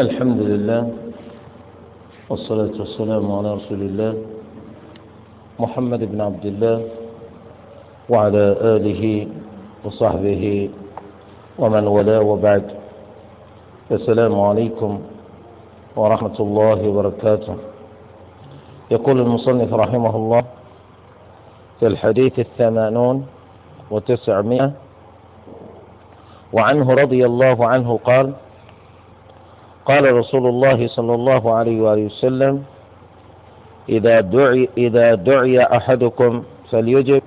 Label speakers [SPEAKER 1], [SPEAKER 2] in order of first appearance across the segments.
[SPEAKER 1] الحمد لله والصلاة والسلام على رسول الله محمد بن عبد الله وعلى آله وصحبه ومن والاه وبعد السلام عليكم ورحمة الله وبركاته يقول المصنف رحمه الله في الحديث الثمانون وتسعمائة وعنه رضي الله عنه قال قال رسول الله صلى الله عليه وآله وسلم إذا دعي, إذا دعي أحدكم فليجب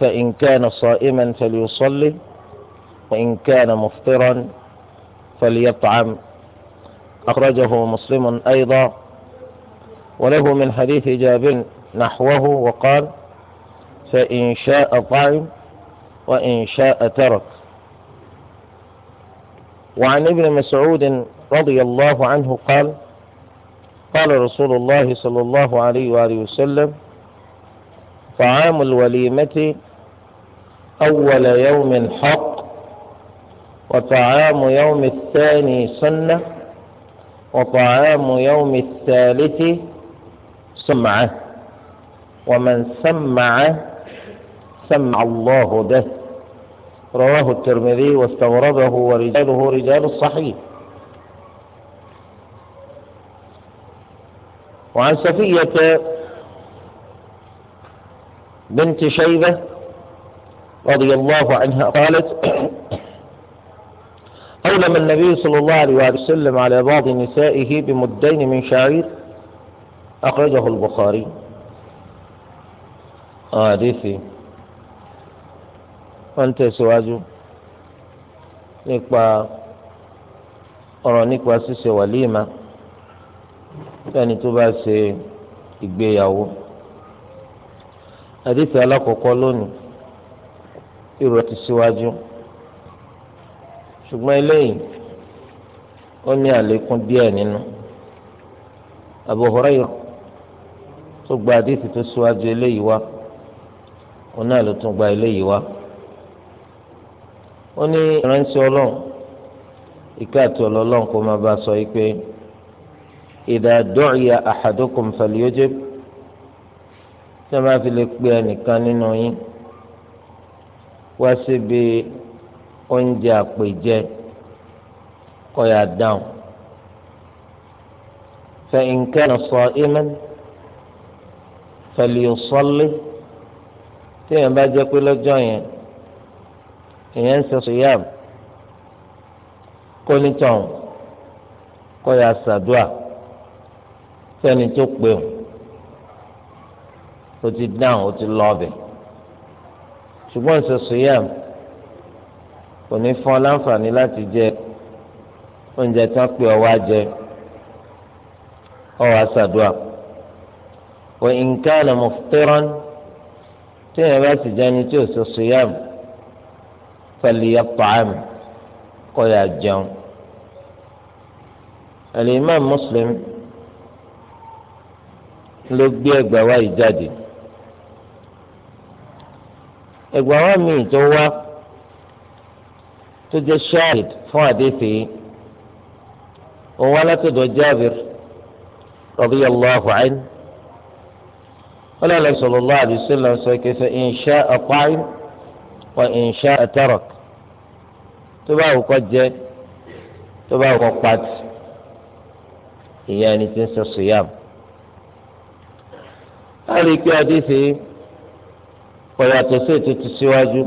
[SPEAKER 1] فإن كان صائما فليصلي وإن كان مفطرا فليطعم أخرجه مسلم أيضا وله من حديث جابر نحوه وقال فإن شاء طعم وإن شاء ترك وعن ابن مسعود رضي الله عنه قال قال رسول الله صلى الله عليه وآله وسلم طعام الوليمة أول يوم حق وطعام يوم الثاني سنة وطعام يوم الثالث سمعة ومن سمع سمع الله به رواه الترمذي واستورده ورجاله رجال الصحيح وعن صفية بنت شيبة رضي الله عنها قالت أولم النبي صلى الله عليه وسلم على بعض نسائه بمدين من شعير أخرجه البخاري آه، حديثي وأنت سواج nípa ọ̀rọ̀ nípa وليمة fẹ́ni tó bá ṣe ìgbéyàwó àdìsí alákọ̀ọ́kọ́ lónìí ìrọ̀ ti síwájú ṣùgbọ́n eléyìí ó ní àlékún díẹ̀ nínú Abu Hurairah tó gba àdìsí tó síwájú eléyìí wá òun náà ló tún gba eléyìí wá ó ní ìrántí ọlọ́run ìpè àti ọlọ́run kó máa bá a sọ yìí pé. إذا دعي أحدكم فليجب سما في الإقبال كان نوين وسبي أنجا قيجي قيا داون فإن كان صائما فليصلي تيم باجي كل جاين ينسى صيام كل تاون قيا سدوه sẹ́ni tó pè ọ́ ó ti dáhùn ó ti lọ ọbẹ̀ ṣùgbọ́n ìṣòṣò yẹn kò ní fún ọ láǹfààní láti jẹ oúnjẹ tí wọ́n pè ọ wá jẹ ọ wá ṣàdúrà wa in kana muftiran tí èèyàn bá sì jẹ́ ẹni tí ò ṣòṣò yẹn falyat'am kó yà jẹun al-Imam ló gbé ẹgbà wá yìí jáde ẹgbà wá míì tó wá tó jẹ́ ṣáàlìd fún àdéfé òun alátọ̀dọ̀ jábìr radiyallahu anhu ọlọ́lá sallallahu alaihi wasallam sọ kẹfẹ́ ìnṣá ọ̀páyín wọ ìnṣá ẹ̀tẹ́rọ̀k tó bá òkọ jẹ tó bá òkọ pàtì ìyá ẹni tí ń sọ sùyàmù a lè pe àdéhìí kọ̀yàtọ̀ sí ètùtù síwájú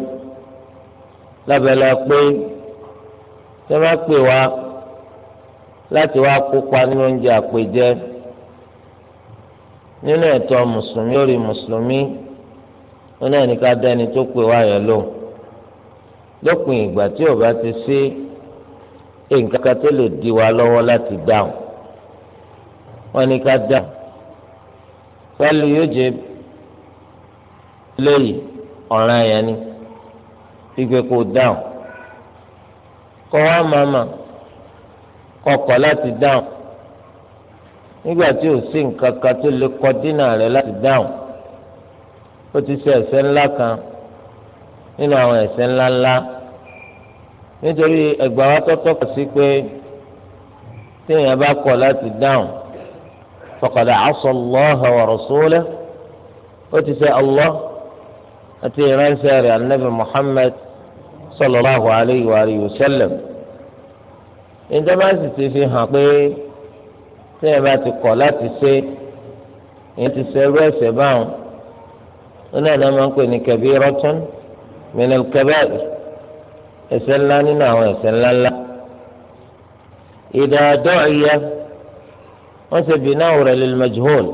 [SPEAKER 1] lábẹ́lẹ́ pé tẹ́ bá pè wá láti wá kópa nínú oúnjẹ àpèjẹ nínú ẹ̀tọ́ mùsùlùmí lórí mùsùlùmí ó náà ní ká dá ẹni tó pè wá yẹn lò lópin ìgbà tí ò bá ti sí nǹkan kan tó lè di wa lọ́wọ́ láti dáhùn wọ́n ní ká dáhùn. pẹ̀lú yóò jẹ léyìí ọ̀ràn yẹn ni fígbé kó dáhùn kọ́ wá màmá kọkọ̀ láti dáhùn nígbà tí ò sí nǹkan kan tó lè kọ dínà rẹ̀ láti dáhùn ó ti ṣe ẹ̀ṣẹ̀ ńlá kan nínú àwọn ẹ̀ṣẹ̀ ńláńlá nítorí ẹgbàá wa tọ́tọ́ kọ̀ sí pé téèyàn bá kọ̀ láti dáhùn. فقد عصى الله ورسوله وتساء الله أتي من سارع النبي محمد صلى الله عليه وآله وسلم عندما ستي في حقي تيما تقولات سي إن تسيروا سبعون هنا لما نكون كبيرة من الكبائر يسلاني نعم يسلان لا إذا دعي wọ́n ṣe bìnnáwó rẹ̀ lil majhul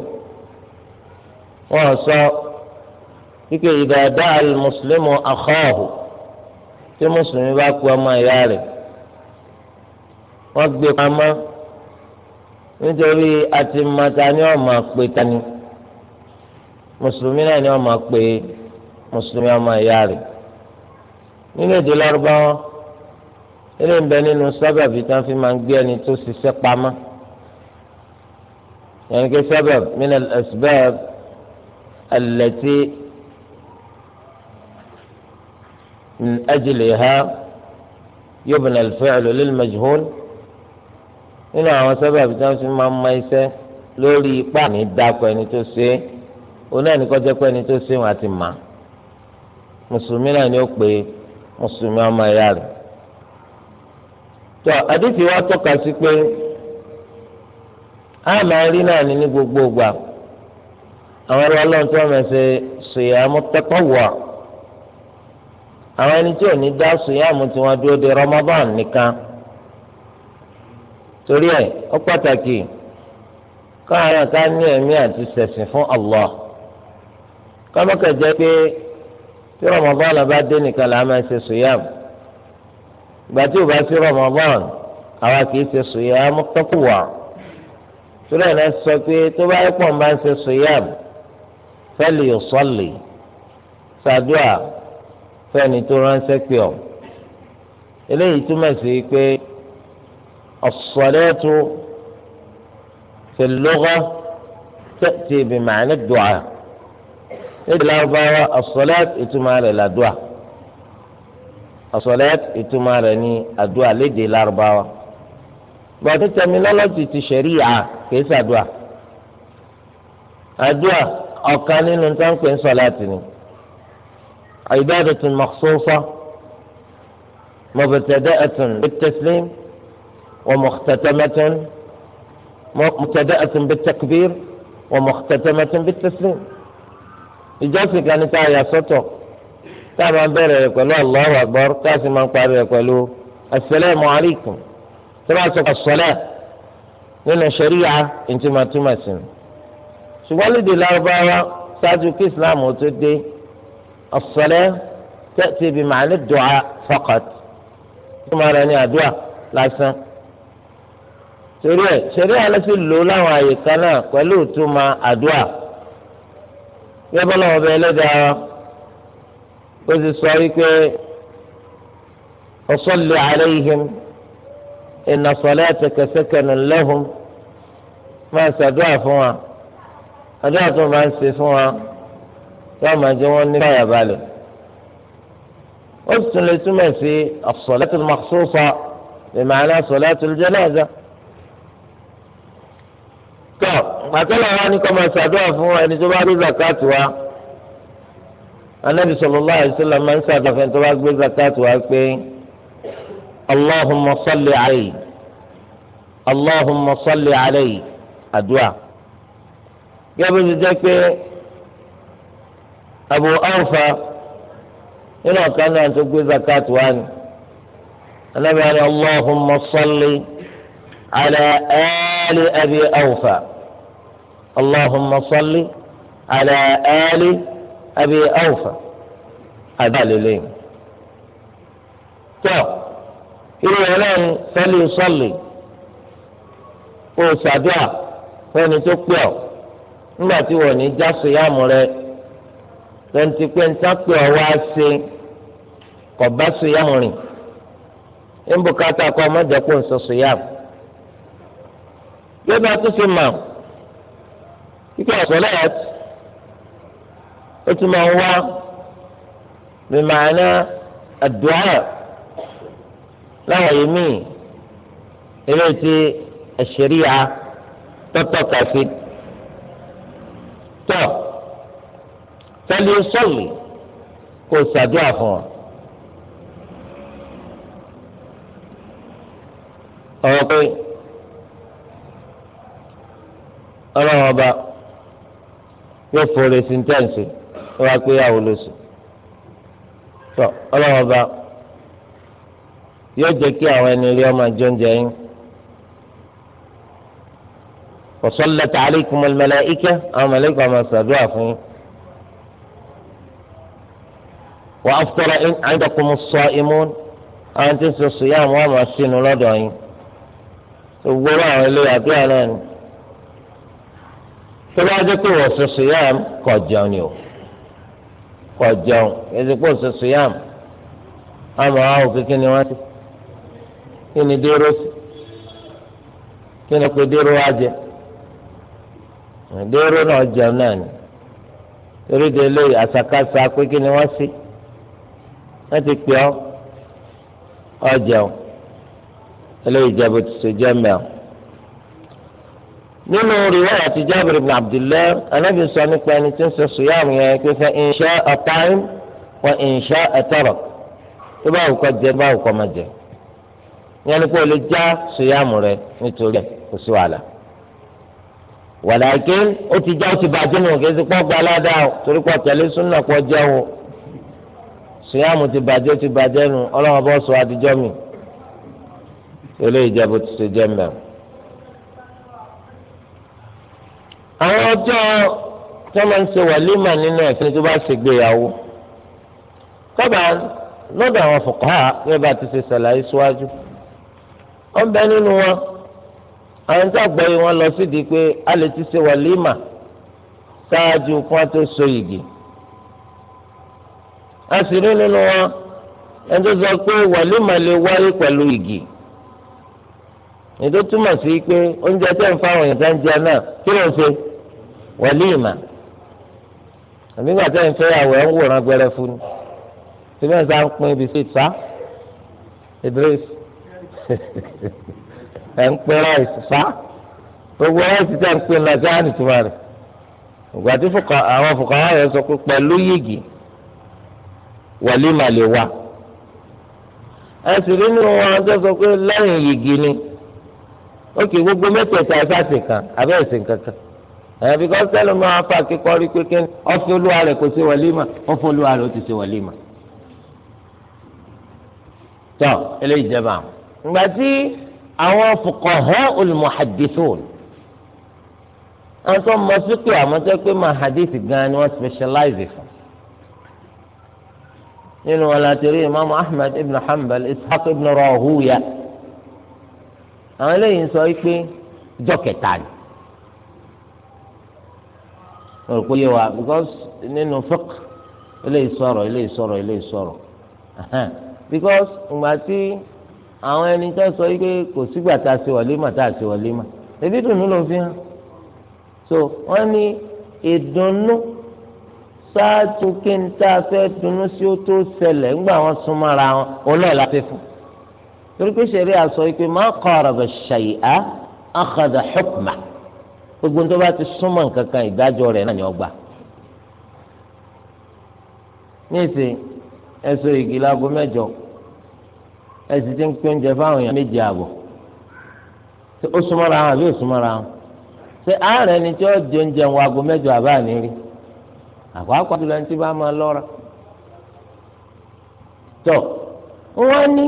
[SPEAKER 1] wọ́n sọ ike ìdàdá almuslimu akhahu tí mùsùlùmí bá kú ọmọ ìyá rẹ̀ wọ́n gbé pamọ́ nítorí àti mata ni wọ́n máa pè tani mùsùlùmí náà ni wọ́n máa pè mùsùlùmí ọmọ ìyá rẹ̀ nínú èdè lárúbáwọ́ ilé ń bẹ nínú sábàbí tí wọ́n fi máa ń gbé ẹni tó ṣiṣẹ́ pamọ́. يعني كسبب من الأسباب التي من أجلها يبنى الفعل للمجهول nínú àwọn sábàbí tí wọn fi máa ń mọ iṣẹ́ lórí ipá ní dákọ ẹni tó ṣe é oní ẹni kọjá pé ẹni tó ṣe wọn àti mà mùsùlùmí náà ni ó pè mùsùlùmí ọmọ ẹ̀yà rẹ̀ tó àdìsí wa tọ́ka sí pé a máa rí náà ní ní gbogbo ìgbà àwọn ẹrú ọlọ́run tí wọ́n máa ṣe ṣèyàmú tẹ́tọ̀wọ̀ àwọn ẹni tí ò ní dá ṣèyàmú tí wọ́n dúró de Ramadan nìkan torí ẹ̀ ó pàtàkì káwọn ẹ̀ka ní ẹ̀mí àti ṣẹ̀sìn fún Allah kọ́mọ́kẹ́jẹ́ pé tí Ramadan bá dé nìkan là máa ṣe ṣèyàmú ìgbà tí ò bá sí Ramadan àwa kì í ṣe ṣèyàmú tẹ́tọ̀wọ̀ torí ẹ̀ náà sọ pé tó bá pọ̀ ń bá ń ṣe sòyàm fẹ́lì òsọ́lì ṣàdúà fẹ́ni tó ránṣẹ́ pé ọ̀ eléyìí túmọ̀ sí pé ọ̀sọ̀lẹ́tò fìlúgọ́ tẹ̀tì bìmọ̀ánì dùà níbi lábára ọ̀sọ̀lẹ́t ìtumọ̀ rẹ̀ làdùà ọ̀sọ̀lẹ́t ìtumọ̀ rẹ̀ ní àdùà lédè lárúbáwá gbàdé tẹminọ́lọ́jì ti ṣẹ̀ríyà kìí ṣàdúà àdúà ọ̀kan nínú táǹpẹ̀ ń sọ láti ni ibadatun makhsusa mubtada'atun bit-taslim wa mukhtatamatun mubtada'atun bit-takbir wa mukhtatamatun bit-taslim ìjọsìn kan ní tá sọ́tọ̀ tá máa bẹ̀rẹ̀ rẹ̀ pẹ̀lú Allahu akbar tá sì máa parí rẹ̀ pẹ̀lú asalaamualeykum tó bá sọ sọlẹ nínú sẹríya ìtumọ̀tumọ̀ sí i ṣùgbọ́n lédè lárúbáwá ṣáájú kí islam ó tó dé ọ̀sọ̀lẹ́ tẹ̀sí ibi màá ní dùá faqat tó máa rẹ̀ ní àdúrà lásán torí ẹ̀ ṣeré alẹ́sìn lò láwọn àyè kan náà pẹ̀lú ìtumọ̀ àdúrà yẹ́bọ́lá ọbẹ̀ ẹlẹ́dàá ó ti sọ wípé ọ̀sọ̀lẹ̀ alayhim inna salataka sakanun lahum máa ṣàdúrà fún wa àdúrà tó máa ń ṣe fún wa yóò máa jẹ wọn ní káyàbalẹ̀ ó sì tún lè túmọ̀ sí as-salatul makhsusa bima'na salatul janaza tọ́ pàtẹ́lẹ̀ wa ni kò máa ṣàdúrà fún wa ẹni tó bá rí zakat wa anabi sallallahu alaihi wasallam máa ń ṣàdúrà fún ẹni tó bá gbé zakat wa pé. اللهم صل عليه اللهم صل عليه أدعاء قبل ذلك أبو أوفى هنا كان أن تقول زكاة وان أنا يعني اللهم صل على آل أبي أوفى اللهم صل على آل أبي أوفى هذا للين طيب irú rẹ̀ náà ni sọ́lì o ṣàdúrà fẹ́ni tó pè ọ́ nígbà tí wọ́n ní já sèyàmù rẹ̀ pẹ̀ntì pẹ̀ntì pè ọ́ wá ṣe kọ̀ bá sèyàmù rìn ńbùkátà kọ́ ọmọdékùn sọ sèyàmù. yóò bá tó ṣe mà kíkọ́ ọ̀sọ́lá ẹ̀tì ó ti máa ń wá àdúrà. láwọn yìí míì eléyìí tí ẹ̀ṣẹ̀ríà tọ́tọ̀ kàfi tọ́ tẹ́lẹ̀ sọ́ọ̀lì kò ṣàdúrà fún ọ. ọ̀rọ̀ pé ọlọ́run ọba yóò fòrè sí ní tẹ́ǹsì ó pé àwọn tọ́ ọlọ́run ọba yóò jẹ́ kí àwọn ẹni rí ọmọ jọ ń jẹ yín. wasallat alaykum almalaika àwọn mẹlẹ́kà ọmọ sàdúrà fún yín.
[SPEAKER 2] wa aftara indakum as-saimun
[SPEAKER 1] àwọn tí ń sọ sùn yá àwọn àmọ́ sínú lọ́dọ̀ yín. gbogbo àwọn ilé àdúrà náà ni.
[SPEAKER 2] tó bá dé pé wọ́n sọ
[SPEAKER 1] sùn yá kọ̀ jẹun ni o kọ̀ jẹun èdè pé wọ́n sọ sùn yá àmọ́ àwọn ni wọ́n ti. kí ni dèrò sí kí ni pé dèrò wá jẹ dèrò náà jẹun náà ni torí de pé sí ti pè ọ jẹun eléyìí jẹ bó ti ṣe jẹ mẹ́ọ̀. nínú riwaya ti Jabir ibn anábì sọ nípa ẹni tí ń sọ yẹn pé ìyẹn ni pé o lè já sòyàmù rẹ nítorí ẹ kò sí wàhálà wàlàkì ó ti já ó ti bàjẹ́ nù kí ẹsẹ̀ pọ̀ gba aládàá o torí pọ̀ tẹ̀lé súnà pọ̀ jẹ́ o sòyàmù ti bàjẹ́ ó ti bàjẹ́ nù ọlọ́run bọ́ sọ àtijọ́ mi eléyìí jẹ́ ti ṣe jẹ́ mẹ́ àwọn ọjọ́ tó wàlímà nínú ẹ̀sìn tó bá ṣègbéyàwó kọ́ba lọ́dọ̀ àwọn fòkàá gẹ́gẹ́ bá ti ṣe ṣàlàyé síwájú wọ́n bẹ nínú wọn àwọn tí àgbọ̀yé wọn lọ sí di pé a lè ti ṣe wàlímà ṣáájú kí wọ́n tó so yìgì a sì rí nínú wọn ẹni tó sọ pé wàlímà lè wáyé pẹ̀lú yìgì ètò túmọ̀ sí pé oúnjẹ tẹ̀ ń fáwọn èèyàn tán jẹ náà kí ló ń ṣe wàlímà àbígbà tẹ̀ ń fẹ́ àwẹ̀ ń wòran gbẹrẹ fún un síbẹ̀ ń sá ń pín ibi sí ìta Idris. ẹ̀ ń pẹ́ ráìsì fa gbogbo ráìsì tẹ̀ ń pè ní ọjọ́ àdìtúmọ̀ rẹ̀ ìgbà tí àwọn fòkàwá yẹn sọ pé pẹ̀lú yìgì wàlímà lè wà ẹ sì rí nínú wọn ọjọ́ sọ pé lẹ́yìn yìgì ni ó kì í gbogbo mẹ́tẹ̀ẹ̀ta sáàsì kan abẹ́ ẹ̀sìn kankan ẹ̀ bí kọ́ sẹ́lẹ̀ máa fa kíkọ́ rí pé kí ọ̀fẹ́ olúwa rẹ̀ kò ṣe wàlímà ọ̀fẹ́ olúwa rẹ̀ ó ti ṣe wàlímà tọ́ eléyìí jẹ́ bá ìgbà tí àwọn fuqaha'ul muhaddithun àwọn tó mọ sípè àmọ́ tẹ́ pé máa hadith gan ni wọ́n specialize fún nínú wọn láti rí imam ahmed ibn hanbal ishaq ibn rahuya àwọn eléyìí ń sọ pé ìjọ kẹta ni wọ́n rò pé yé wa because nínú fiqh eléyìí sọ̀rọ̀ eléyìí sọ̀rọ̀ eléyìí sọ̀rọ̀ because ìgbà tí àwọn ẹni tó sọ yìí pé kò sígbà tá a ṣe wàlímà tá a ṣe wàlímà ebi dùnú ló fi hàn so wọ́n ní ìdùnnú ṣáájú kí n tá a fẹ́ dùnnú sí ó tó ṣẹlẹ̀ ńgbà wọn súnmọ́ wọn ọlọ́ọ̀la fẹ́ fún torí pé ṣẹ̀rí àsọ yìí pé máa kọ́ ọ̀rọ̀ bẹ̀ ṣàyíá àkàdà hukma gbogbo tó bá ti súnmọ́ nǹkan kan ìdájọ́ rẹ̀ náà ni ọgbà ní ìsìn ẹ̀sọ́ ìgì láago mẹ́jọ ẹ sì ti ń pín oúnjẹ fáwọn èèyàn méje àbọ̀ ó súnmọ́ra wọn àbí ó súnmọ́ra wọn ṣé àárẹ̀ ni tí ó di oúnjẹ wọn aago mẹ́jọ àbá àníri àkọ́kọ́ tó lẹ́ni tí bá máa lọ́ra tọ́ wọ́n ní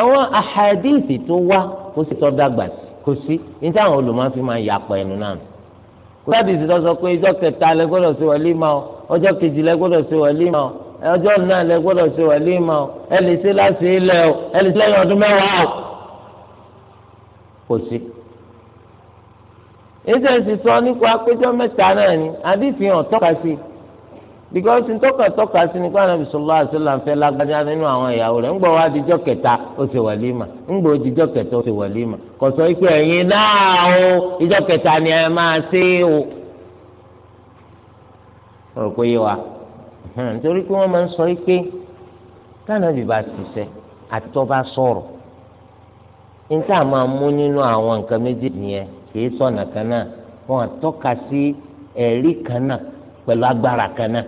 [SPEAKER 1] àwọn àhàdíìsì tó wá kó sì tọ́ dàgbà kó sí ní táwọn olùmọ́fin máa yàpọ̀ ẹnu náà kó sábìsì tó sọ pé ọjọ́ kẹta lẹ gbọ́dọ̀ ṣe wàlímà ọjọ́ kejì lẹ gbọ́dọ̀ ṣe wàlímà ọ Ọjọọ náà lẹ gbọ́dọ̀ ṣe wàlímà láti ilẹ̀ o lẹ́yìn ọdún mẹ́wàá o kò sí. sọ nípa àpéjọ mẹ́ta náà ni àdìfihàn tọ́ka sí because ntọ́ka tọ́ka sí nípa Ànábì sallallahu alaihi wasallam fẹ́ lágbájá nínú àwọn ìyàwó rẹ̀ wá dijọ́ kẹta ó dijọ́ kẹta ó sọ ẹ̀yin náà o ni ẹ máa ṣe o. nítorí pé wọ́n máa ń sọ yìí pé tánàbì bá ṣiṣẹ́ àtọ́ba sọ̀rọ̀ níta máa mú nínú àwọn nǹkan méjì nìyẹn kì sọ̀nà kan náà wọ́n àtọ́ka sí ẹ̀rí kan náà pẹ̀lú agbára kan náà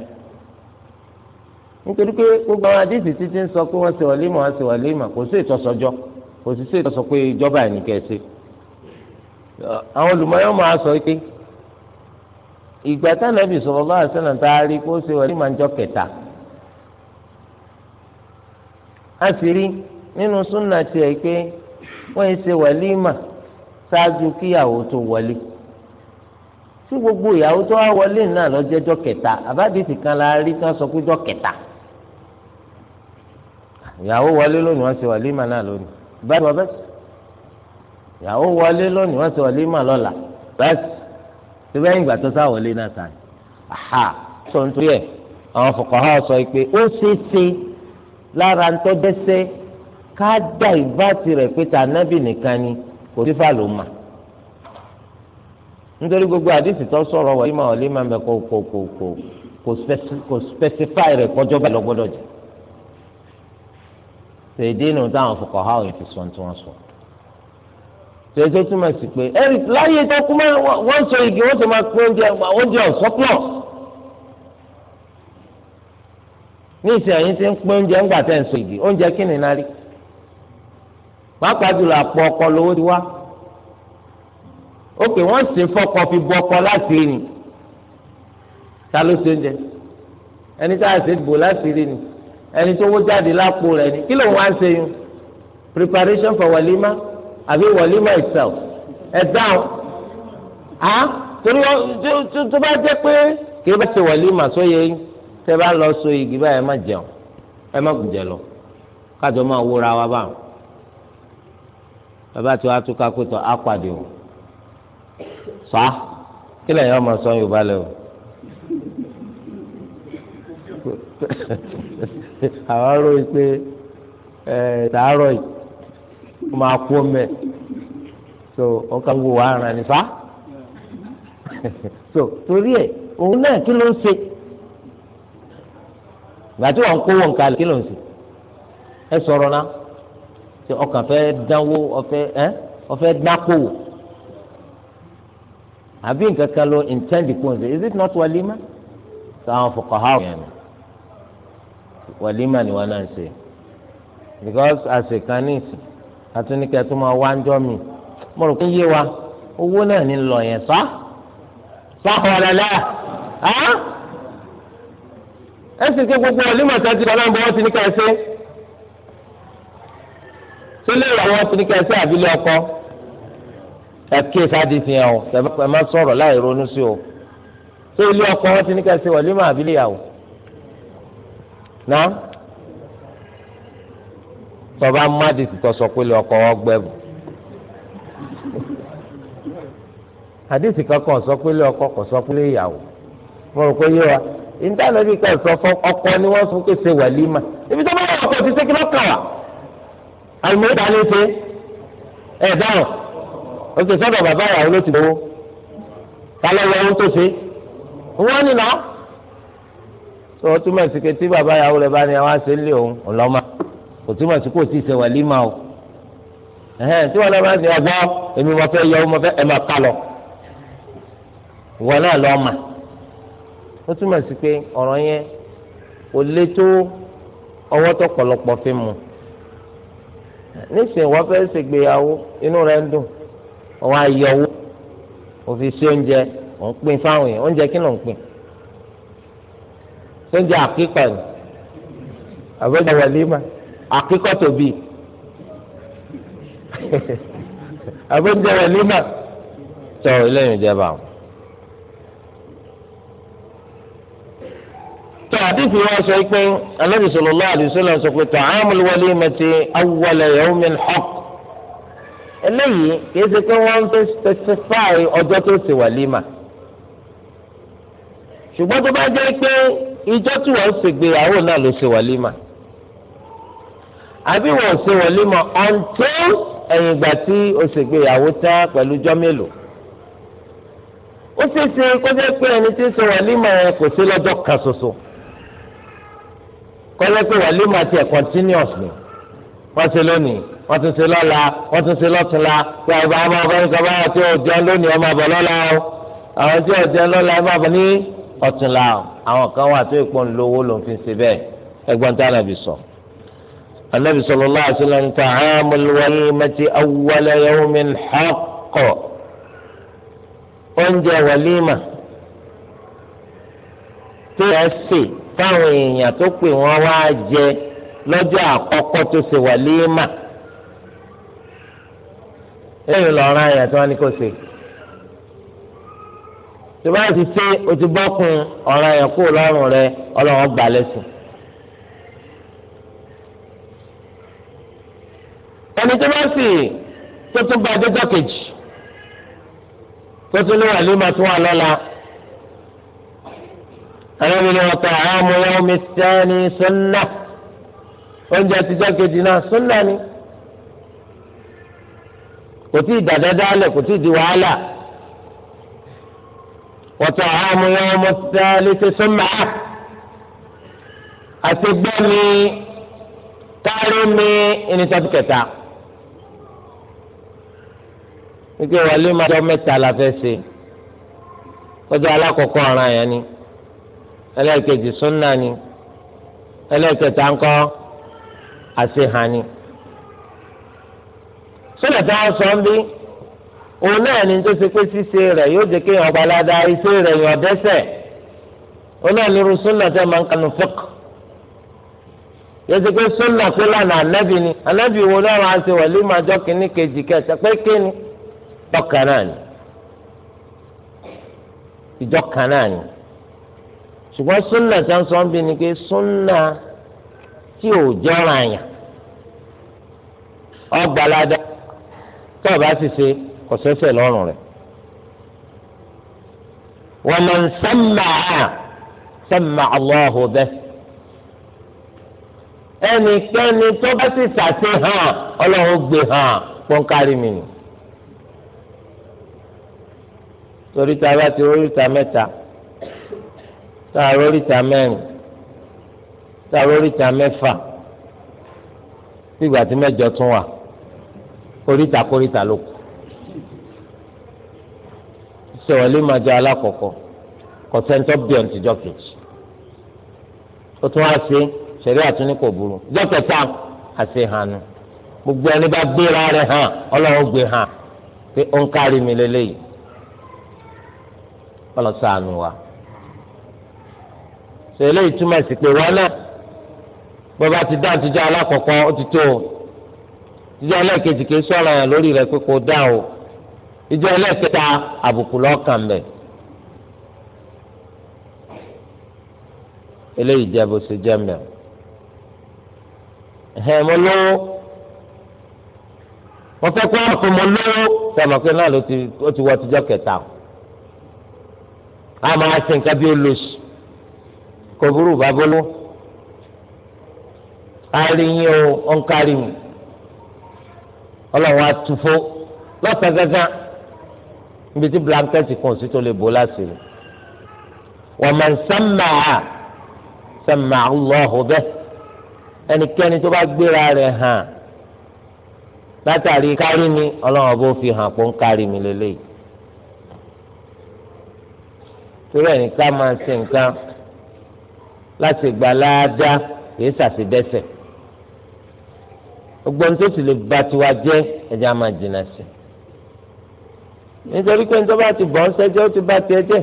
[SPEAKER 1] nítorí pé gbogbo àwọn títí ń sọ pé wọ́n ṣe wọ́n ṣe kò sí ìtọ́sọjọ́ kò sí sí ìtọ́sọ pé ìjọba ẹ̀ ṣe àwọn máa sọ pé ìgbà tá nàbì sallallahu alaihi tá a rí kó ṣe wàlímà ń jọ kẹta a sì rí nínú súnà tiẹ̀ pé wọ́n ń ṣe wàlímà ṣáájú kíyàwó tó wọlé tí gbogbo ìyàwó tó wá wọlé náà kẹta kan la rí kí sọ pé kẹta ìyàwó wọlé lónìí wọ́n ṣe wàlímà náà lónìí báyìí ṣé bẹ́ẹ̀ ìgbà tó sáwọ́ lé náà sàn áhà sọ̀rọ̀ nítorí ẹ̀ àwọn fòkànhá sọ pé ó ṣeé ṣe lára ń tọ́ dẹ́sẹ́ ká dá rẹ̀ pé ni kò ló mà nítorí gbogbo àdìsí tó sọ̀rọ̀ ọ̀lẹ́ kò kò kò kò spẹsifáì rẹ̀ tẹ̀sán túmọ̀ sí pé ẹ̀rì láyé tó kú máa wọ́n sọ igi wọ́n tó máa pín oúnjẹ oúnjẹ ọ̀sọ́pọ̀ ní ìsìn ẹ̀yìn tí ń pín oúnjẹ ńgbà tẹ̀ ń sọ igi oúnjẹ kí ni náà rí pàápàá jùlọ àpò ọkọ lówó ti wá ókè wọ́n sì fọkọ fi bu ọkọ láti rí ni ta ló ṣe oúnjẹ ẹni tá a ṣe bò láti rí ni ẹni tó wó jáde lápò rẹ̀ ni kí ló ń wá ṣe yun preparation for walima àbí wọlímọ̀ itself ẹ dáhùn á torí tó bá jẹ́ pé kí ẹ bá ṣe wọlímọ̀ sóye tẹ́ bá lọ so igi báyìí ẹ má jẹun ẹ má gùjẹ lọ kájọ máa wúra wa báwọn bàbá tí wàá tún kakótó apàdé o fa kí lẹ́yìn ọmọ sọ Yorùbá lẹ o àwọn arọ yìí pé ẹ tààrọ yìí kó máa kú ọmọ ẹ so ọkàn wo wàá ràn nífa so torí ẹ òun náà kí ló ń ṣe gbàtí wọn kó wọn kalẹ̀ kí ló ń ṣe ẹ sọ̀rọ̀ náà ṣe ọkàn fẹ́ dánwó ọfẹ́ ẹ ọfẹ́ dákòwò àbí nǹkan kan ló intend kó ń ṣe is it not walima sáwọn fọkàhá yẹn ni walima ni wọn náà ń ṣe because àṣekàn ní ìsìn àtúnikẹ́ tó máa wá ń jọ́ mi mo rò pé yé wa owó náà ní lọ yẹn sá sá ọ̀lẹ́lẹ́ ẹ sì ké gbogbo ọ̀lẹ́mọ̀tá ti dọ́lá ń bọ́ ti ní ká tó lè rà wọ́n ti ní ká ẹ ọkọ
[SPEAKER 2] ẹ ké sáde
[SPEAKER 1] fi hàn o ẹ má sọ̀rọ̀ láì ronú sí o tó ilé ọkọ wọ́n ti ní ká ẹ ṣe wọ̀lẹ́mọ̀ àbílẹ̀ náà. tọba mmadụ tìtọ sọ ọkọ ọgbẹbù àdìsí kankan sọ ọkọ sọ pé ìyàwó rò pé yé wa ìńtánẹ́ẹ̀tì kan sọ fún ọkọ ni sọ ibi tó ọkọ ti ṣe wà dáhùn bàbá ló ti ohun tó tí bàbá bá ní àwọn àṣẹ kò túmọ̀ sí kò tí ì ṣe wàlímà o ẹ̀hẹ́n tí wọ́n náà máa ń ṣe ọgbọ́ èmi mo fẹ́ yọ mo fẹ́ ẹ̀ máa ká lọ ìwọ náà lọ mà ó túmọ̀ sí pé ọ̀rọ̀ yẹn kò lé tó ọwọ́ tó pọ̀lọpọ̀ fi mu nísìnyí wọ́n fẹ́ ṣègbéyàwó inú rẹ̀ ń dùn ọwọ́ ayọ̀wó òfin sí oúnjẹ òun pín fáwọn yẹn oúnjẹ kí ló ń pín oúnjẹ àkíkà ni àbẹ́jọ wọlé máa àkíkọ́tò bíi àbójútó rẹ̀ lima tọ́ lẹ́yìn ìjẹba. tó àdìsí wọn sọ pé Ànábì sallallahu alaihi wasallam sọ pé ta'amul walimati awwala yawmin haqq. eléyìí kìí ṣe pé wọ́n ń fẹ́ specify ọjọ́ tó ṣe wàlímà. ṣùgbọ́n tó bá jẹ́ pé ìjọ́ tí wọ́n ṣègbéyàwó náà ló ṣe wàlímà àbí wọ́n ṣe wọlé mọ́ until ẹ̀yìn ìgbà tí o ṣègbéyàwó tán pẹ̀lú jọ́ mélòó. ó ṣe ṣe kọjá pé ẹni tí ń ṣe wọlé mọ́ ẹ kò sí lọ́jọ́ kan ṣoṣo. kọjá pé wọlé mọ́ ti ẹ̀ continuous ni wọ́n ṣe lónìí wọ́n tún ṣe lọ́la wọ́n tún ṣe lọ́túnla pé ọba ọba ọba ní kaba àti ọ̀jẹ̀ lónìí ọmọ àbọ̀ lọ́la o àwọn tí ọ̀jẹ̀ lọ́la ọmọ àbọ̀ ní ọ̀túnla o àwọn kan wà tó ìpọ́n lówó ló ń fi ṣe bẹ́ẹ̀ ẹgbọ́n tá a nàbì sọ. النبي صلى الله عليه وسلم طعام الوليمة أول يوم حق oúnjẹ wàlímà tó yẹ sè táwọn èèyàn tó pè wọ́n wá jẹ lọ́jọ́ àkọ́kọ́ tó ṣe wàlímà lẹ́yìn lọ́ọ́rọ́ àyàn tí wọ́n ní kò ṣe tó bá ti ṣe o ti bọ́kun ọ̀rọ̀ àyàn kúrò lọ́rùn rẹ ọlọ́run gbà lẹ́sìn. ẹni tó bá sì tó tún bá dọ́jọ́ kejì tó tún ní wàlímà tó wà lọ́la àwọn ènìyàn ọ̀tọ̀ àwọn ọmọ yẹn omi sẹ́ni sọ́nà oúnjẹ àtijọ́ kejì náà sọ́nà ni kò tí ì dàdáadáa lẹ̀ kò tí ì di wàhálà wọ́tọ̀ àmú yẹn ọmọ ti súnmọ́ àti gbọ́ kárí mi ẹni kẹta wípé wàlẹ́ máa jọ mẹ́ta la fẹ́ ṣe ọjọ́ alákọ̀ọ́kọ́ ọ̀ràn yẹn ni ẹlẹ́ẹ̀kejì súnà ni ẹlẹ́ẹ̀kẹta ńkọ́ àṣehàn ni. súnà táwọn sọ ń bí òun náà ni tó ṣe pé ṣíṣe rẹ̀ yóò jẹ́ kéèyàn ọba ládàá iṣẹ́ yàn dẹ́sẹ̀ òun náà ni irú súnà tẹ́ máa ń kanu fọ́ọ̀kì yẹtù pé súnà pé lánàá ànábì ni ànábì wo náà wàá ṣe wọlé máa jọ kínní kejì kẹsẹ̀ pé kíni. ìjọ náà ni ìjọ náà ni ṣùgbọ́n súnà tí wọ́n ni pé súnà tí ò jọra àyàn ọgbàládá tó o sì ṣe kò sẹ́sẹ̀ lọ́rùn rẹ̀ wọ́n máa ń sẹ́mà á sẹ́mà bẹ́ẹ̀ ẹnikẹ́ni tó bá sì torí tá a bá ti róríta mẹ́ta tá a róríta mẹ́rin tá a róríta mẹ́fà sígbà tí mẹ́jọ tún wà oríta kóríta ló kù sọ̀rọ̀ lè máa jẹ alákọ̀ọ́kọ́ kọ̀sẹ́ńtọ́ bíọ̀n tìjọ́ kejì ó tún wá sí sẹ̀rí àtúní kò burú jọ́kẹ̀ta àṣehànú gbogbo ẹni bá gbéra rẹ̀ hàn ọlọ́run gbé hàn pé ó ń kárí mi lélẹ́yìí kọlọ sànù wa sọ eléyìí túmọ̀ sí pé wọn náà bó bá ti dáhùn tíjọ́ alákọ̀ọ́kọ́ ó ti tó o tíjọ́ ẹlẹ́ẹ̀kejì kìí sọ̀rọ̀ yẹn lórí rẹ̀ pé kò dá o tíjọ́ ẹlẹ́ẹ̀kẹta àbùkù lọ́ọ̀kan bẹ̀. eléyìí jẹ́ bó ṣe jẹ́ mẹ́rin. ẹ̀hẹ́ mo lówó wọ́n fẹ́ kó ọ̀pọ̀ mo lówó sọ̀rọ̀ pé náà ló ti wọ́ tíjọ́ kẹta o a máa ṣe nǹkan bí olóṣù kò burú bàbá olówó ariyin o ọ̀nkarimu ọlọ́run atúfó lọ́sàn-án gángan níbi tí blanketi kan sí tó lè bò lásìrò
[SPEAKER 2] wọ́n máa ń sánmà á
[SPEAKER 1] sánmà ọlọ́hùn bẹ́ẹ̀ ẹnikẹ́ni tó bá gbéra rẹ̀ hàn látàrí kárí ni ọlọ́run ọba ó fi hàn pé ń kárí mi lélẹ́yìí torí ẹ̀ nìkan máa ṣe nǹkan láti gbà láàdá kìí ṣàṣìdẹ́sẹ̀ gbogbo ohun tó sì lè ba tiwa jẹ́ ẹ̀jẹ̀ á máa jìnnà sí nítorí pé nítorí bá ti bọ̀ ń sẹ́jọ́ ó ti bá tiẹ̀ jẹ́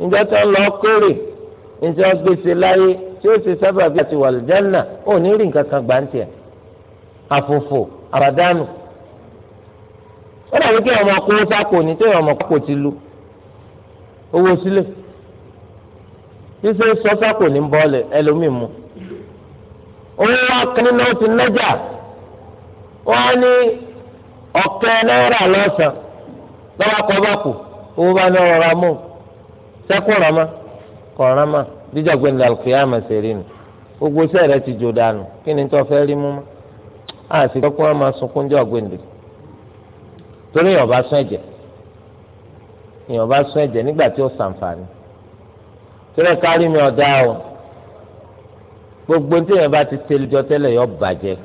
[SPEAKER 1] níjọ́ tó ń lọ kórè níjọ́ gbèsè láyé tí ó ṣe sábà bí àti wàlùjánà ò ní rí nǹkan kan gbà ń tiẹ̀ àfòfò àbàdánù
[SPEAKER 2] ó dàbí kí ọmọ kó sápò
[SPEAKER 1] ní tí ọmọ kó ti lu. owó sílẹ̀ ṣíṣe sọ́sá kò ní bọ́ọ̀lẹ̀ ẹlòmíì mu
[SPEAKER 2] owó wa ti nájà
[SPEAKER 1] wọ́n ní ọ̀kẹ́ náírà lọ́sàn lọ́wọ́ kọ́ owó bá ní ọ̀rọ̀ mú sẹ́kù rama kọ̀ rama díjà gbẹ̀ndà kìyàmà nù gbogbo sẹ́rẹ̀ ti jò dànù kí ni tó fẹ́ rí mú àti sunkún èèyàn bá sún ẹ̀jẹ̀ nígbà tí ó sàǹfààní tẹ́lẹ̀ kárí mi ọ̀dá o gbogbo tí èèyàn bá ti tẹlẹjọ tẹ́lẹ̀ yọ bàjẹ́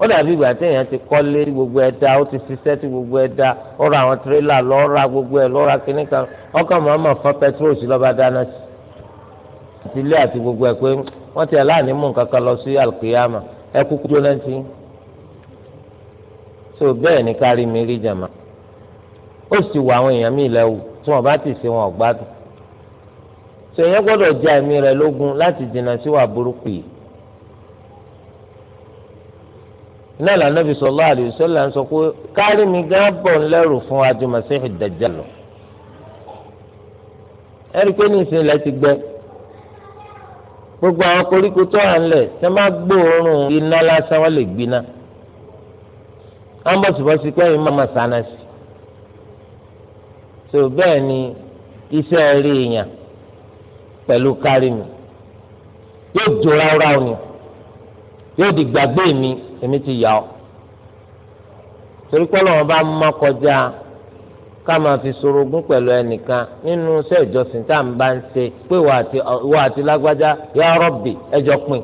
[SPEAKER 1] ó dàbí ìgbà tí èèyàn ti kọ́lé gbogbo ẹ̀ dá ó ti ṣiṣẹ́ tí gbogbo ẹ̀ dá ó ra àwọn tirẹ́là lọ ra gbogbo ẹ̀ lọ ra kínní kan ọkàn màmá fọ́ pẹtrol sí lọ́ba dáná sí àti ilé àti gbogbo ẹ̀ pé wọ́n ti aláàánú mú nǹkan lọ sí alùpùpù ẹ̀ ni kárí mi rí ó sì wọ àwọn èèyàn míì lẹ́wù tí wọ́n bá ti ṣe wọn ọ̀gbádùn sọ èèyàn gbọ́dọ̀ jẹ́ ẹ̀mí rẹ̀ lógun láti dènà síwà burúkú yìí. náà lànàbì sallallahu alaihi wasallam ń sọ pé kárí mi gán bọ̀ ń lẹ́rù fún adùmọ̀sẹ́hìn dàjà lọ. ẹ̀rí pé ní ìsìn ti gbẹ gbogbo àwọn koríko tó hàn lẹ̀ tẹ́ máa gbóòórùn iná lásán wọ́n lè gbiná. wọ́n pé ẹ̀yin máa máa sáná sí tó bẹ́ẹ̀ ni iṣẹ́ rí èèyàn pẹ̀lú kárí mi yóò jó ráúráú ni yóò di gbàgbé mi èmi ti yà ọ́ torí pẹ́lú wọn bá mọ́kọjá kọjá ká máa fi sorogún pẹ̀lú ẹnìkan nínú iṣẹ́ ìjọsìn tá à ń bá ń ṣe pé wọ́n àti lágbájá yà rọ́bì ẹjọ́ pin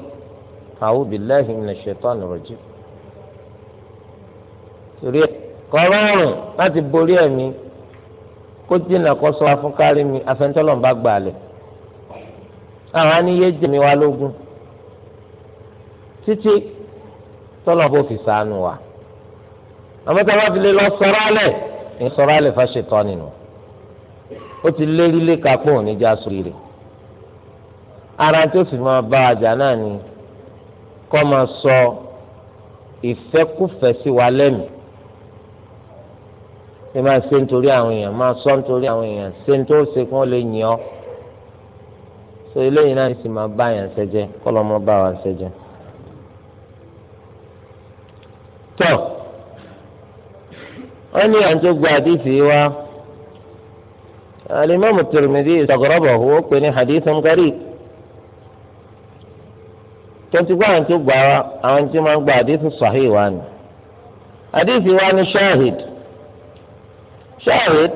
[SPEAKER 1] a'udhu billahi minash shaitani rajim torí kọ́ rọrùn láti borí ẹ̀mí kó jìnnà kó sọ wá fún kárí mi afẹ́ntọ́lọ́n bá gbà lẹ̀ àwọn aníyé jẹ̀mí wa lógún títí tọ́lọ̀ bó fi sànù wa àmọ́tá bá fi lè lọ sọ̀rọ̀ alẹ̀ ní sọ̀rọ̀ alẹ̀ fàṣẹ tọ́ nínú ó ti lérí lé kápò níjà sórí ara tó sì máa bá àjà náà ni kọ́ máa sọ ìfẹ́kùfẹ́ sí wa lẹ́mìí ẹ máa ṣe nítorí àwọn èèyàn máa sọ nítorí àwọn èèyàn ṣe nítorí ṣe kí wọ́n lè yìn ọ́ so eléyìí náà sì máa bá yàn ṣẹjẹ kọlọmọ bá wa ṣẹjẹ. tọ́ wọ́n ní àǹtó gba àdìsí wa alimami Tirmidhi ìṣàgọ́rọ́bọ̀ owó pé ní hadithun gharib tọ́tí gbọ́ àǹtó gba àwọn tí wọ́n gba àdìsí sahih wa ni àdìsí wa ni shahid ṣáàrẹ̀t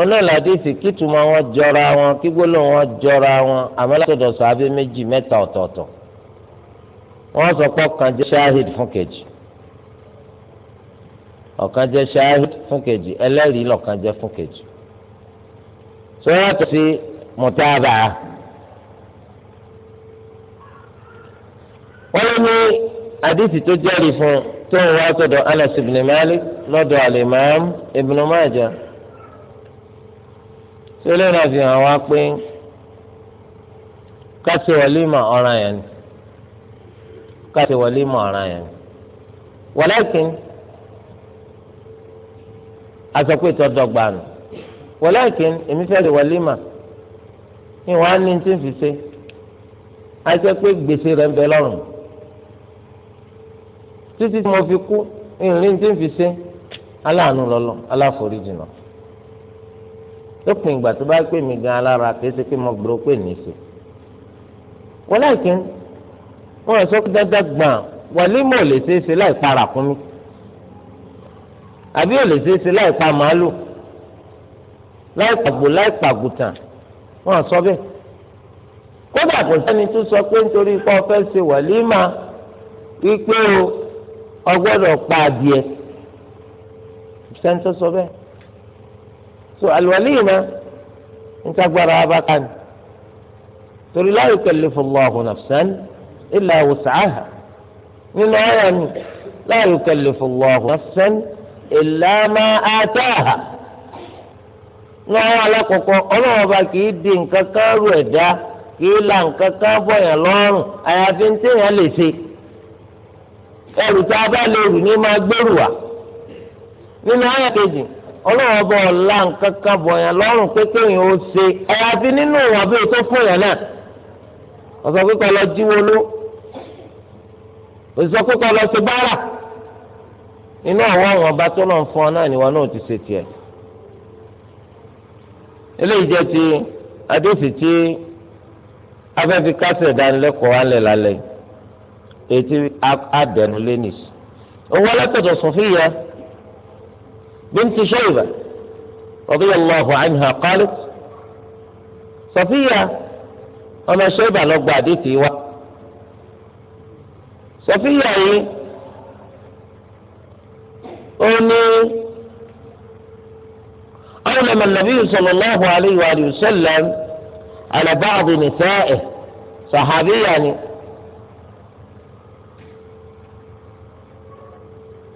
[SPEAKER 1] onílàdí ìsìkìtùmọ̀ wọn jọra wọn kígbóló wọn jọra wọn àmọ́ látọ̀dọ̀ sàábé méjì mẹ́ta ọ̀tọ̀ọ̀tọ̀ wọ́n sọ pé ọ̀kan jẹ́ ṣáàhìd fún kejì ọ̀kan jẹ́ ṣáàhìd fún kejì ẹlẹ́rìí lọ̀kan jẹ́ fún kejì tó yàtọ̀ sí mọ̀tàbà wọ́n ní àdìsí tó jẹ́rìí fún tó ń wá sọ̀dọ̀ Anas lọ́dọ̀ al-Imam eléyìí náà fi hàn wá pé kásì wàlímà ọ̀ràn yẹn ni kásì wàlímà ọ̀ràn yẹn ni wàlákìn asọ̀pẹ́ tó dọ́gba nù wàlákìn èmi fẹ́ lè wàlímà ìwọ̀n á ní tí ń fi ṣe àṣẹ pé gbèsè rẹ̀ ń bẹ lọ́rùn títí tí mo fi kú ìrìn tí ń fi ṣe aláàánú lọ́lọ́ aláforíjì náà lópin ìgbà tó bá pè mí gan alára kìí ṣe pé mo gbòòrò pè ní í ṣe. wọ́n láìkí wọ́n sọ pé dandan gbọ̀n wọlé mọ̀ lè ṣe é ṣe láì para fún mi àbí ò lè ṣe é ṣe láì pa màálù láì pàgbò láì pàgùtàn wọ́n sọ bẹ́ẹ̀ kódà kò sẹ́ni tó sọ pé nítorí pé ọ fẹ́ ṣe wàlímà wípé o ọgbọ́dọ̀ pa adìẹ sẹ́ni tó sọ bẹ́ẹ̀ so al-walima ntagbara abaka ni torí la yukallifu Allahu nafsan illa wus'aha nínú ara ni la yukallifu Allahu nafsan illa ma ataha lọ́wọ́ alákọ̀ọ́kọ́ ọlọ́wọ́ bá kì í di nǹkan kan rú ẹ̀dá kì í la nǹkan kan bọ̀yàn lọ́rùn àyàfi ní téèyàn lè ṣe ẹrù tá a bá lè rù ní máa gbèrú wa nínú ayọ̀ kejì ọlọ́wọ́ bọ̀ ọ̀la nǹkan kan bọ̀ yẹn lọ́rùn pé kéèyàn ó ṣe àyàfi nínú ìwà bí o tó fún yẹn náà ọ̀sọ̀ pé kọ́ lọ jíwoló òsọ pé kọ́ lọ ṣe báárà inú àwọn àwọn ọba tó lọ́n fún ọ náà níwọ náà ti ṣe tiẹ̀ eléyìí jẹ́ ti adéfì tí afẹ́fi kásẹ̀ ìdánilẹ́kọ̀ọ́ alẹ́ lálẹ́ ètí àdẹ̀nulẹ́nìs òun wọlé tọ̀tọ̀ sọ̀fíyà. بنت شيبة رضي الله عنها قالت صفية أما شيبة لو بعدتي و... صفية إيه أني أعلم النبي صلى الله عليه وآله وسلم على بعض نسائه صحابي يعني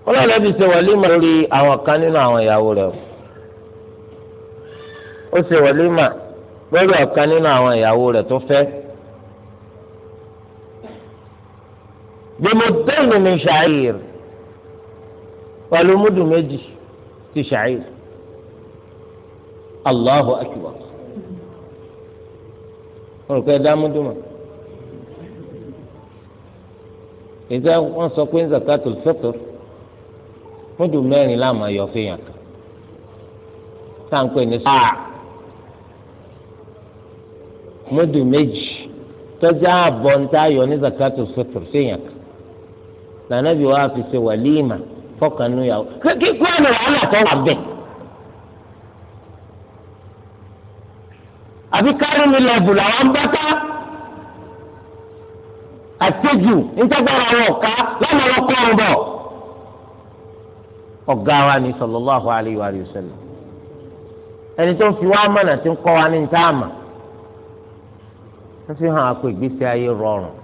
[SPEAKER 1] ọlọ́ọ̀lẹ́ fi ṣe wàlímà lórí àwọn kan nínú àwọn ìyàwó rẹ̀ ó ṣe wàlímà lórí ọ̀kan nínú àwọn ìyàwó rẹ̀ tó fẹ́. gbẹmọdẹ́nu mi ṣàìr pẹ̀lú múdù méjì ti ṣàìr Allahu akbar olùkọ́ ẹ̀ dá múdù mọ́. ìjẹ́ wọ́n sọ pé ń zakatul fitr múdù mẹ́rin láàmú ayọ̀ fẹ́yàn kan táǹpẹ̀ ní sọ́ọ̀ múdù ah. méjì tọ́jú ààbọ̀ ń táyọ̀ ní zakato sọ̀tọ̀ fẹ́yàn kan nànàbí wàá fi ṣe wàlíìmà fọkànnú yàwó kí kí
[SPEAKER 2] wọn náà wàhálà tó wà bẹ́ẹ̀.
[SPEAKER 1] àbí kárí mi lẹ́bù làwọn bá àtẹ́jù ń tọ́gbọ́n àwọn ọ̀ká lọ́nà ọkọ̀ ọ̀rùn ọ̀gá wa ní sallallahu alayhi wa sallam ẹni tó ń fi wá mọ̀nà tí ń kọ́ wa ní ní táàmà wọ́n fi hàn àpò ìgbésí ayé rọrùn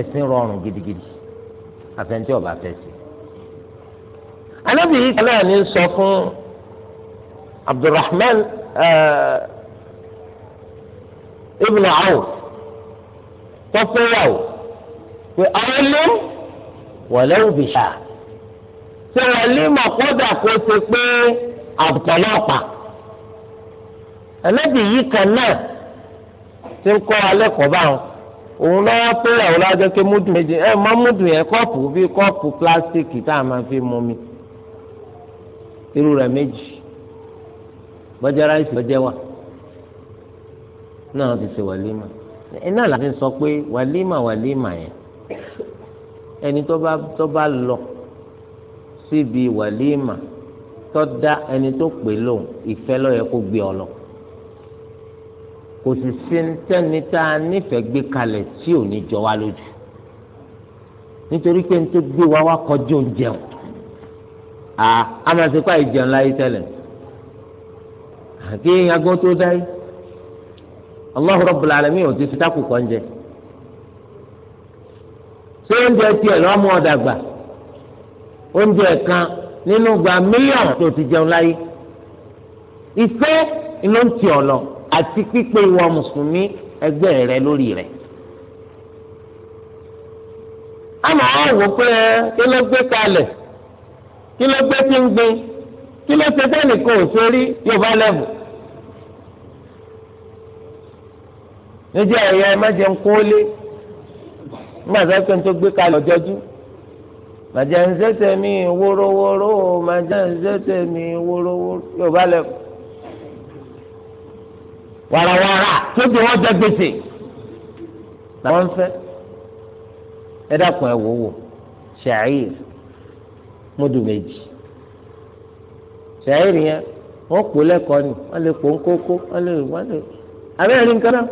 [SPEAKER 1] ẹ̀sìn rọrùn gidigidi àfẹnjẹ́ ọba fẹ́sì. anábìyí kanáà ní sọ fún Abdulrahman ibn Awf tọ́pẹ́yàwó pé àwọn ilé wọ̀lẹ́wù bìṣà ṣe wàlímà kódà kó ṣe pé àbùtọ̀lọ́pà ẹlẹ́dìí yìí kan náà ti ń kọ́ alẹ́ kọ́ báwọn òun lọ́wọ́ pé àwọn ọlọ́jọ́ pé múdù méje ẹ mọ́ múdù yẹn kọ́ọ̀pù bíi kọ́ọ̀pù pílásíìkì tá a máa fi mú mi irú rẹ̀ méjì bọ́jà ráìsì bọ́jà wà náà ti ṣe wàlímà iná làá sọ pé wàlímà wàlímà yẹn ẹni tó bá lọ síbi wàlíìmà tọ́da ẹni tó pè lóhùn ìfẹ́ lọ́yẹ kó gbé ọ lọ kò sì sí tẹ́ni tá a nífẹ̀ẹ́ gbé kalẹ̀ tí ò ní jọ wá lójú nítorí pé n tó gbé wa wá kọjú oúnjẹ o à ìjẹun láyé tẹ́lẹ̀ àti agbọ́n tó dá yìí Allahu Rabbul Alamin ò ti fi tákù kọ́ oúnjẹ ṣé oúnjẹ tiẹ̀ lọ́mú ọ̀dàgbà oúnjẹ kan nínú gba mílíọ̀nù tó ti jẹun láyé ìfẹ́ ló ń tì ọ́ lọ àti pípé ìwọ mùsùlùmí ẹgbẹ́ rẹ lórí rẹ. àmọ́ àwọn wò pé kí ló gbé kalẹ̀ kí ló gbé tí ń gbin kí ló ṣe bẹ́ẹ̀ nìkan ò sórí yorùbá lẹ́bù. níjẹ́ ẹ̀yà ẹ̀ má jẹun kó lé nígbà tó ń tó gbé kalẹ̀ ọjọ́jú màjẹ̀ǹsẹ̀tẹ̀ mi wórówóró màjẹ̀ǹsẹ̀tẹ̀ mi wórówóró yóò bá lẹ́kọ̀ọ́. wàràwàrà tó di wọn jẹ gbèsè làwọn fẹ́ ẹ dákun ẹ wòwò ṣàìr mọdù méjì ṣàìr yẹn wọn kó lẹ́kọ̀ọ́ ni wọn lè pò ń kókó wọn lè wọn lè abẹ́rẹ́ nǹkan náà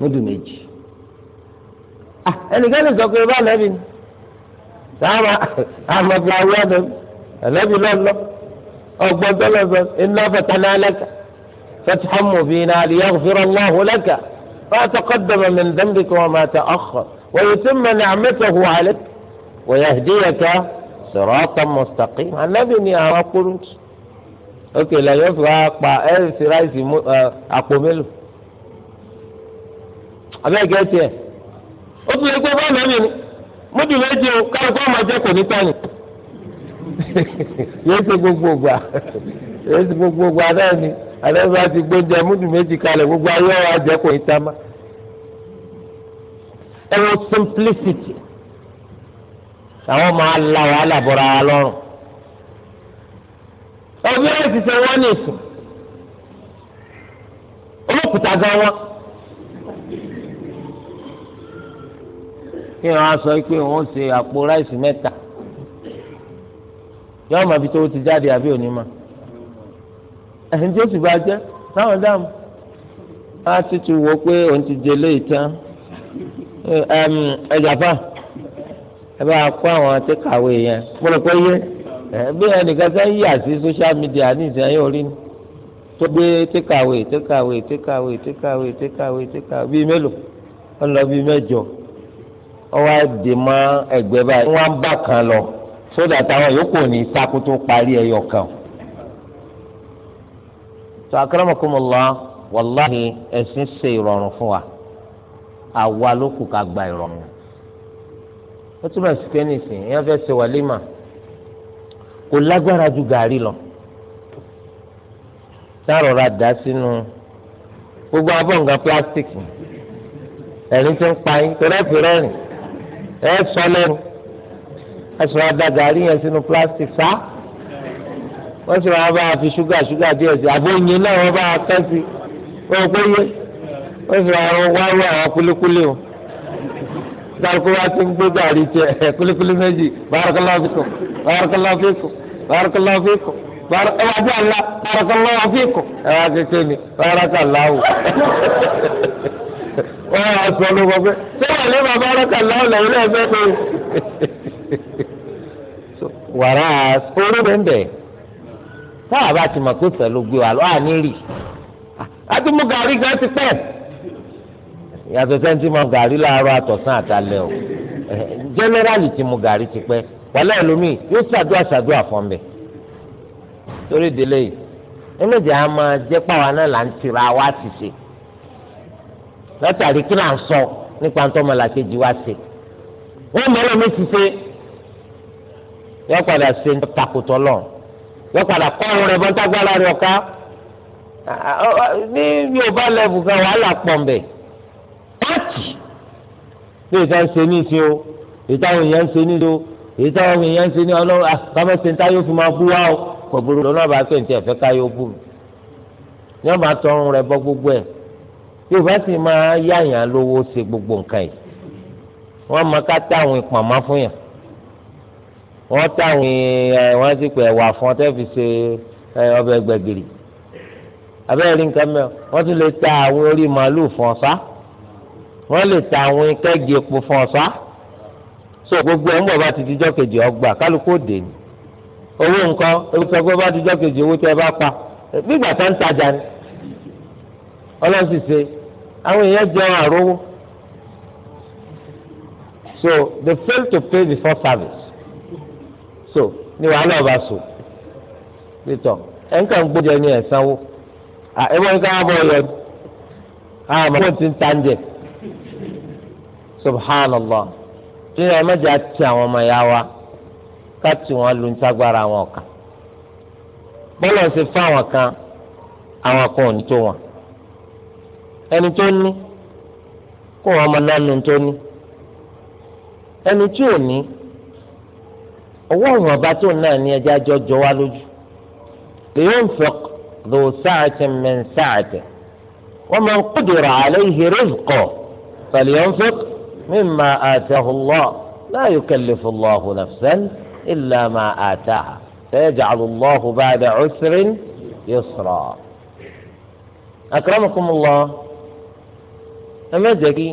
[SPEAKER 1] mọdù méjì ah, ẹnìkan ní sọ pé bá lẹ́bi ni. نعم أحمد العواد الذي بلغ أقبل بلغ إنا فتنا لك فتحا مبينا ليغفر الله لك ما تقدم من ذنبك وما تأخر ويتم نعمته عليك ويهديك صراطا مستقيما الذي يا àwọn اوكي لا lẹ́yìn fún apá ẹ̀rìsì ráìsì àpò mélòó abẹ́ẹ̀kẹ́ tiẹ̀
[SPEAKER 2] múdù méje o kálukú ọmọ jẹ kò
[SPEAKER 1] ní tánì yóò ṣe gbogbo ògbà yóò ṣe gbogbo ògbà náà ni àdéhùn àti gbóúnjẹ múdù méjì kalẹ̀ gbogbo ayé ọ̀rọ̀ àjẹ kò ní támá ẹ̀rọ simplicity àwọn máa la wàhálà bọ̀ra lọ́rùn ọ̀gbìn ẹ̀ ti sẹ́ ní ìsìn olókùtà gan wọn. kí wọn á sọ pé wọn ṣe àpò ráìsì mẹ́ta yọọ mọ ibi tó ti jáde àbí òní ma ẹni tó sì bá jẹ táwọn dáàmú á ti tu wọ pé òun ti jẹ léyìí tán ẹ jàpá ẹ bá kó àwọn àtẹkàwé yẹn mo rò pé yé bí ẹnìkan sẹ́ ń yà sí social media ní ìsìn yóò rí ni tó gbé tẹkàwé tẹkàwé tẹkàwé tẹkàwé tẹkàwé tẹkàwé bíi mélòó ọlọ bíi mẹ́jọ. ọwọ́ ẹ̀dì mọ́ ẹgbẹ́ báyìí wọ́n bá kan lọ sódà táwọn yòókù ní sakoto parí ẹyọ kan. tó akramakumullah wàláhì ẹ̀sìn ṣe fún wa àwa ló kù ká gba ìrọrùn ó túmọ̀ sí ìyẹn fẹ́ ṣe kò lágbára ju lọ. dá sínú gbogbo pílásítìkì ẹ̀rín ti ń pa yín torí ẹ sọ lẹ́nu ẹ sọ adagari yẹn sínú plastic sá wọ́n sì máa bá a fi ṣúgà ṣúgà díẹ̀ sí àbóyin náà wọ́n bá a kẹ́ sí wọ́n pé yé wọ́n sì máa wá wá àwọn kulikuli o dárúkọ wá sí gbé gàrí tiẹ̀ kulikuli méjì barakallahu fikum barakallahu fikum barakallahu fikum barakallahu fikum ẹ wá kékeré ni barakallahu. wọ́n á sọ ló wọ́n pé
[SPEAKER 2] ṣé wà ní bàbá ọlọ́kà lọ́wọ́ lẹ́yìn náà fẹ́
[SPEAKER 1] pé wàrà oró bẹ́ẹ̀ táwa bá ti mọ̀ pé pẹ̀lú gbé wa lọ́wọ́ àní rì mú gàrí gan ti pẹ́ yàtọ̀ sẹ́ńtì mọ̀ gàrí láàárọ̀ àtọ̀sán àtàlẹ́ o jẹ́nẹ́rálì ti mú gàrí ti pẹ́ wàlẹ́ ẹlòmíì yóò ṣàdúrà ṣàdúrà fún mi torí délé yìí ẹlẹ́jà á máa jẹ́ pàwọn náà là ń tira wá ti ṣe látàrí kí là ń sọ nípa tó ọmọlàkejì wa ṣe wọ́n mọ ọlọ́run ti ṣe yọ padà ṣe takùtọ̀ lọ yọ padà kọ́ ọ̀run rẹ̀ bọ́ńtágbára rẹ̀ ọ̀ká ní yorùbá lẹ́bù kan wàhálà pọ̀ mbẹ̀ pàtì bí ìta ń ṣe ní ìṣe o ìta àwọn èèyàn ń ṣe ní ìṣe o èyí táwọn èèyàn ń ṣe ní ọlọ́run àkàmọ́ ah, ń tá yóò fi máa bú wá o kò burú lọ́nà bá pè ní tí ẹ̀fẹ́ ká yóò bú mi ní ọ̀bà tọrùn rẹ̀ bọ́ gbogbo ẹ̀ yorùbá sì máa yáyàn lówó ṣe gbogbo nǹkan yìí wọ́n máa ká táwọn ìpàmọ́ fún yàn wọ́n táwọn ẹ wọ́n ti pè wà fún ọ tẹ́ fi ṣe ọbẹ̀ gbẹ̀gìrì abẹ́rẹ́ rí nǹkan mẹ́ọ̀ wọ́n tún lè ta àwọn orí màálù fún ọ̀sá wọ́n lè ta àwọn kẹ́gì epo fún ọ̀sá so gbogbo ẹ̀ ń bọ̀ bá ti dijọ́ kejì ọgbà kálukú òde ni owó nǹkan ebi sọ bá dijọ́ kejì owó tẹ́ ẹ bá pa gbígbà tó ń tajà ni ọlọ́run ṣe àwọn èèyàn jẹun àrówó so they fail to pay before service so ni wàhálà ọba so nítọ ẹ ń kàn gbójẹ ní ẹ̀sánwó à ẹ wọ́n ń ká bọ̀ lọ à mọ̀ wọ́n ti ń ta ń jẹ subhanallah tí ẹ má jẹ́ àti àwọn ọmọ ya wa ká tí wọ́n lu ń tágbára àwọn kan bọ́lá ṣe fún àwọn kan àwọn kan ò ní tó wọn ẹni tó ní kó wọn máa nánu tó ní ẹni tí ò ní ọwọ́ àwọn ọba tó náà ní ẹja jọjọ wá lójú lèyìn fọk lò sáàtì mẹ́n sáàtì wọ́n máa ń kúndùrà àlẹ́ ìhèrè kọ̀ fàlẹ́yìn fọk mímà àtẹ̀hùlọ́ láàyò kẹlẹ́fọ̀lọ́ ọ̀hùnàfẹ́n ìlànà àtàhà fẹ́ẹ́jàlùlọ́hù bá dẹ̀ ọ́sẹ̀rìn yóò sọ̀rọ̀. akramakumullah ẹ má jẹ́ kí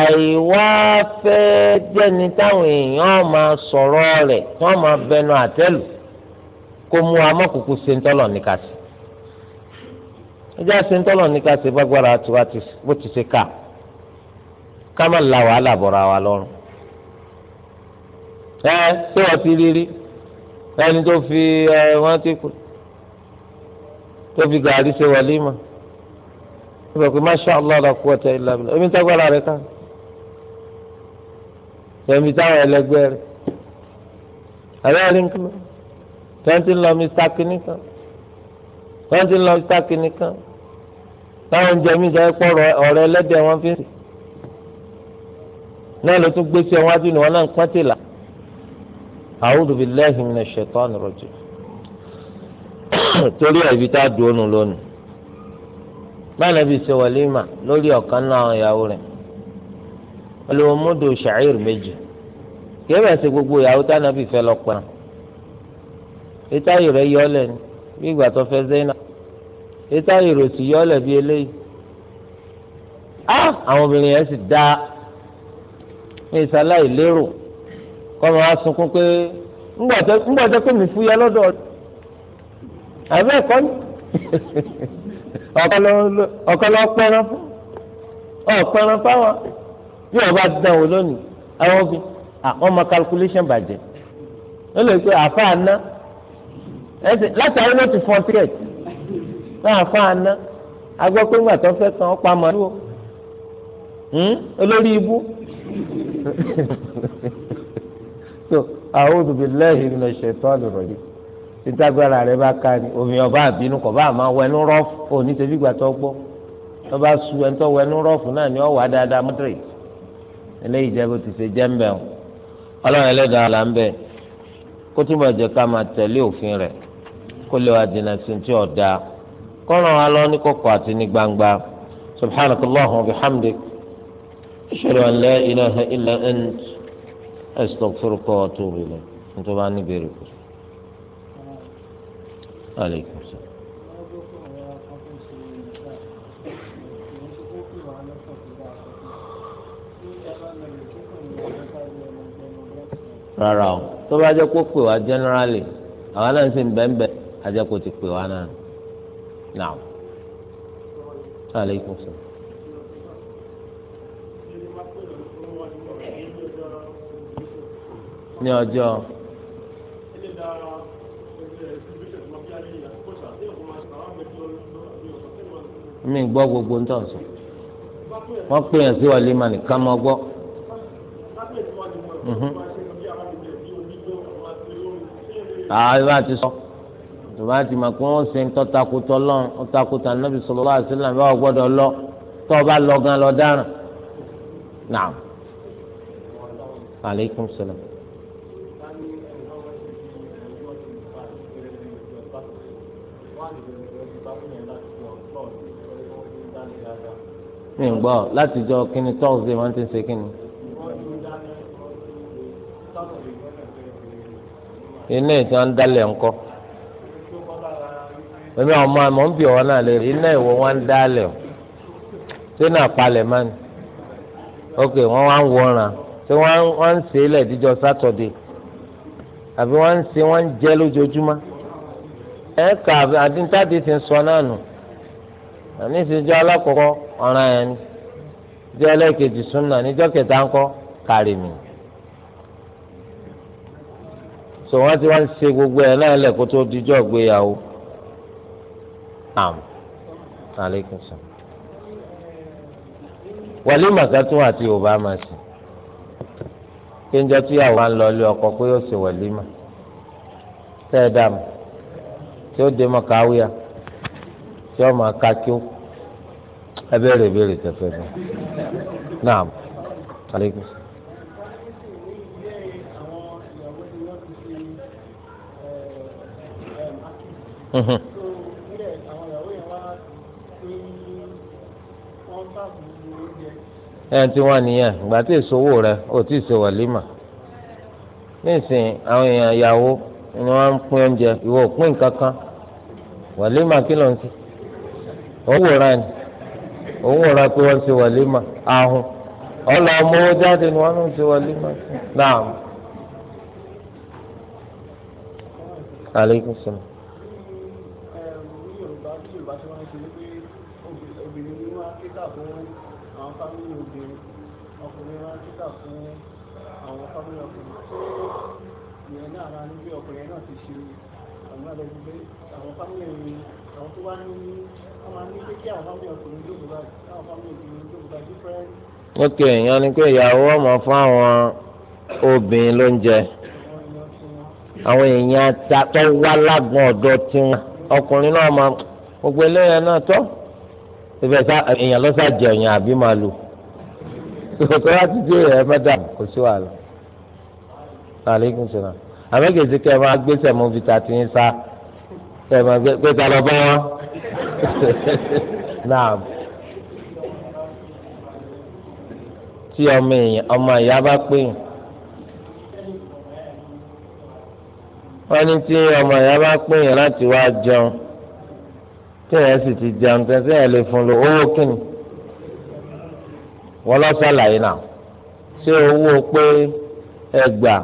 [SPEAKER 1] àìwá fẹ́ jẹ́ni táwọn èèyàn máa sọ̀rọ̀ rẹ̀ tí wọ́n máa bẹnu àtẹ́lù kó mú amọ́kùkù ṣe ń tọ́lọ̀ níka sí ẹjẹ́ ṣe ń tọ́lọ̀ bó ti ṣe ká ká má la wàhálà bọ̀ra wa lọ́rùn ẹ ṣé wọ́n ti rí rí ẹni tó fi ẹ wọ́n ti kú tó fi gàrí ṣe wọlé mọ́ sọ pé masha allah la quwwata illa billah omi tágbára rẹ ká tẹ̀mí táwọn ẹlẹgbẹ́ rẹ àbẹ́rẹ́ ní kúlọ̀ tẹ́ntì lọ mr kìnìkan tẹ́ntì lọ mr kìnìkan táwọn oúnjẹ mi jẹ́ pọ̀ ọ̀rẹ́ ẹlẹ́dẹ̀ wọn fi ń sè náà ló tún gbé sí ọwọ́ adúlù wọn náà ń pọ́n tìlà a'udhu billahi minash shaitani rajim torí ẹ̀ ibi tá a dùn ún lónìí. báyìí ṣe wàlímà lórí ọ̀kan náà àwọn ìyàwó rẹ̀ olùwọ́n múdò méjì kí gbogbo ìyàwó tá nàbì bi lọ pa ìtayì rẹ̀ yọlẹ̀ ni bí ìgbà tó fẹ́ zẹ́nà ìtayì rẹ̀ sì yọlẹ̀ bí eléyìí á àwọn obìnrin yẹn sì dá ní ìsàlàyé lérò kọ́ máa sunkún pé ńgbà tó pé mi ọ̀kan lọ pẹ́ran fún ọ̀pẹ́ran fáwọn bí wọ́n bá dán wò lónìí àwọn obìnrin àwọn ọmọ calculation bàjẹ́ ó lè pe àfáà ná látàrí ló ti fọ́ tíret náà àfáà ná agbọ́ pé ńgbà tó fẹ́ tán ó pa màálù hmm? olórí ibú so a'udhu billahi minash shaitani rajim títagbára rẹ bá ka ni omi ọba àbínú kọ bá máa wẹnu rọfù òní tẹbi gbà tó gbọ tó bá su ẹni tó wẹnu rọfù náà ni ọ wà dáadáa madrid eléyìí jẹ bó ti ṣe jẹ ń bẹ o ọlọ́run ẹlẹ́dàá là ń bẹ kó túbọ̀ jẹ ká máa tẹ̀lé òfin rẹ̀ kó lè wá dènà sí ti ọ̀dà kọ́ran wa lọ ní kọ̀kọ̀ àti ní gbangba subhanakallahu wa bihamdik illa ant astaghfiruka wa atubu ilayk nítorí aleykum السلام. rárá o tó bá jẹ́ kó pè wá generally àwọn náà ń sìn bẹ́ẹ̀nbẹ́ẹ́ ajẹ́ kó ti pè wá náà náà aleykum salaam. ní ọjọ́. mi gbọ́ gbogbo ń tọ̀sọ̀
[SPEAKER 2] wọ́n pè yàn sí wàlẹ́ mà nìkan mọ́ gbọ́. Mhm. ààrẹ bá ti
[SPEAKER 1] sọ tó bá ti mọ̀ pé wọ́n ṣe ń tọ́takùtọ̀ lọ́n ọ̀takùtà nàbì sallallahu alaihi wasallam báwọ̀ gbọ́dọ̀ lọ tó o bá lọ gan lọ dáràn. naam aleykum salaam. mi ń gbọ́ láti jọ kíni tọ́sídẹ̀ẹ́ wọ́n ti ṣe kíni. iná ìtàn á ń dálẹ̀ ńkọ́ èmi ọmọ àmọ́ ń bì ọ́ náà lè iná ìwọ wọn ń dálẹ̀ ọ́ ṣé náà palẹ̀ máa ní ok wọ́n wá ń wọ̀ràn ṣé wọ́n ń ṣe é lẹ́ẹ̀díjọ́ sátọ̀dẹ̀ àbí wọ́n ń ṣe wọ́n ń jẹ́ lójoojúmọ́ ẹ kà àdíntàdé ti ń sọ náà ọ̀ràn yẹn ni jẹ́ ẹlẹ́ẹ̀kejì súnà níjọ́ kẹta so wọ́n ti wá ń gbogbo ẹ̀ náà lẹ́kọ́ tó dijọ́ gbéyàwó am aleykum salaam wàlí màkàtún àti yorùbá máa ṣe kéńjọ tíyàwó máa ń lọ ilé ọkọ pé ó ṣe wàlí mà tẹ́ ẹ tí ó dé mọ́ káwíà ka kí ẹ ìbéèrè tẹ̀fẹ́ fún naam aleykum. Mm-hmm. ẹ ti wá nìyẹn ìgbà tí èso rẹ ò tí ì ṣe wàlímà nísìnyí àwọn èèyàn ìyàwó ni wọ́n ń pín oúnjẹ ìwọ ò pín nǹkan kan kí ló ń ṣe òun wòran ni. òun ò ra pé wọ́n ṣe wàlímà ahun ọlọ ọmọ owó jáde ni wọ́n ń ṣe wàlímà náà. aleykum salaam. ọkùnrin
[SPEAKER 2] náà ti ṣe àwọn àgbẹ̀gbẹ̀ àwọn fámìlì àwọn tó wá ní
[SPEAKER 1] ok ìyẹn ni pé ìyàwó ọmọ fún àwọn obìnrin ló ń jẹ àwọn èèyàn tó wá lágùn ọ̀dọ̀ tiwọn ọkùnrin náà máa gbogbo eléyà náà tọ́ ìfẹ̀sà èèyàn lọ́sà jẹ̀yìn àbí máa lò ìfẹ̀sà láti dé ẹ̀ mẹ́ta kò sí wàhálà. aleykum salaam àmẹ́gẹ̀ẹ́sì kẹ́ ẹ máa gbé sẹ̀mú vita tí ẹ máa gbé ta lọ bá wọn náà tí ọmọ èèyàn ọmọ ìyá bá pè yín wọ́n ní tí ọmọ ìyá bá pè yín láti wá jẹun tí èèyàn sì ti jẹun tẹ sí ẹ lè fún lo owó kìnnì wọ́n lọ ṣàlàyé náà ṣé owó pé ẹgbàá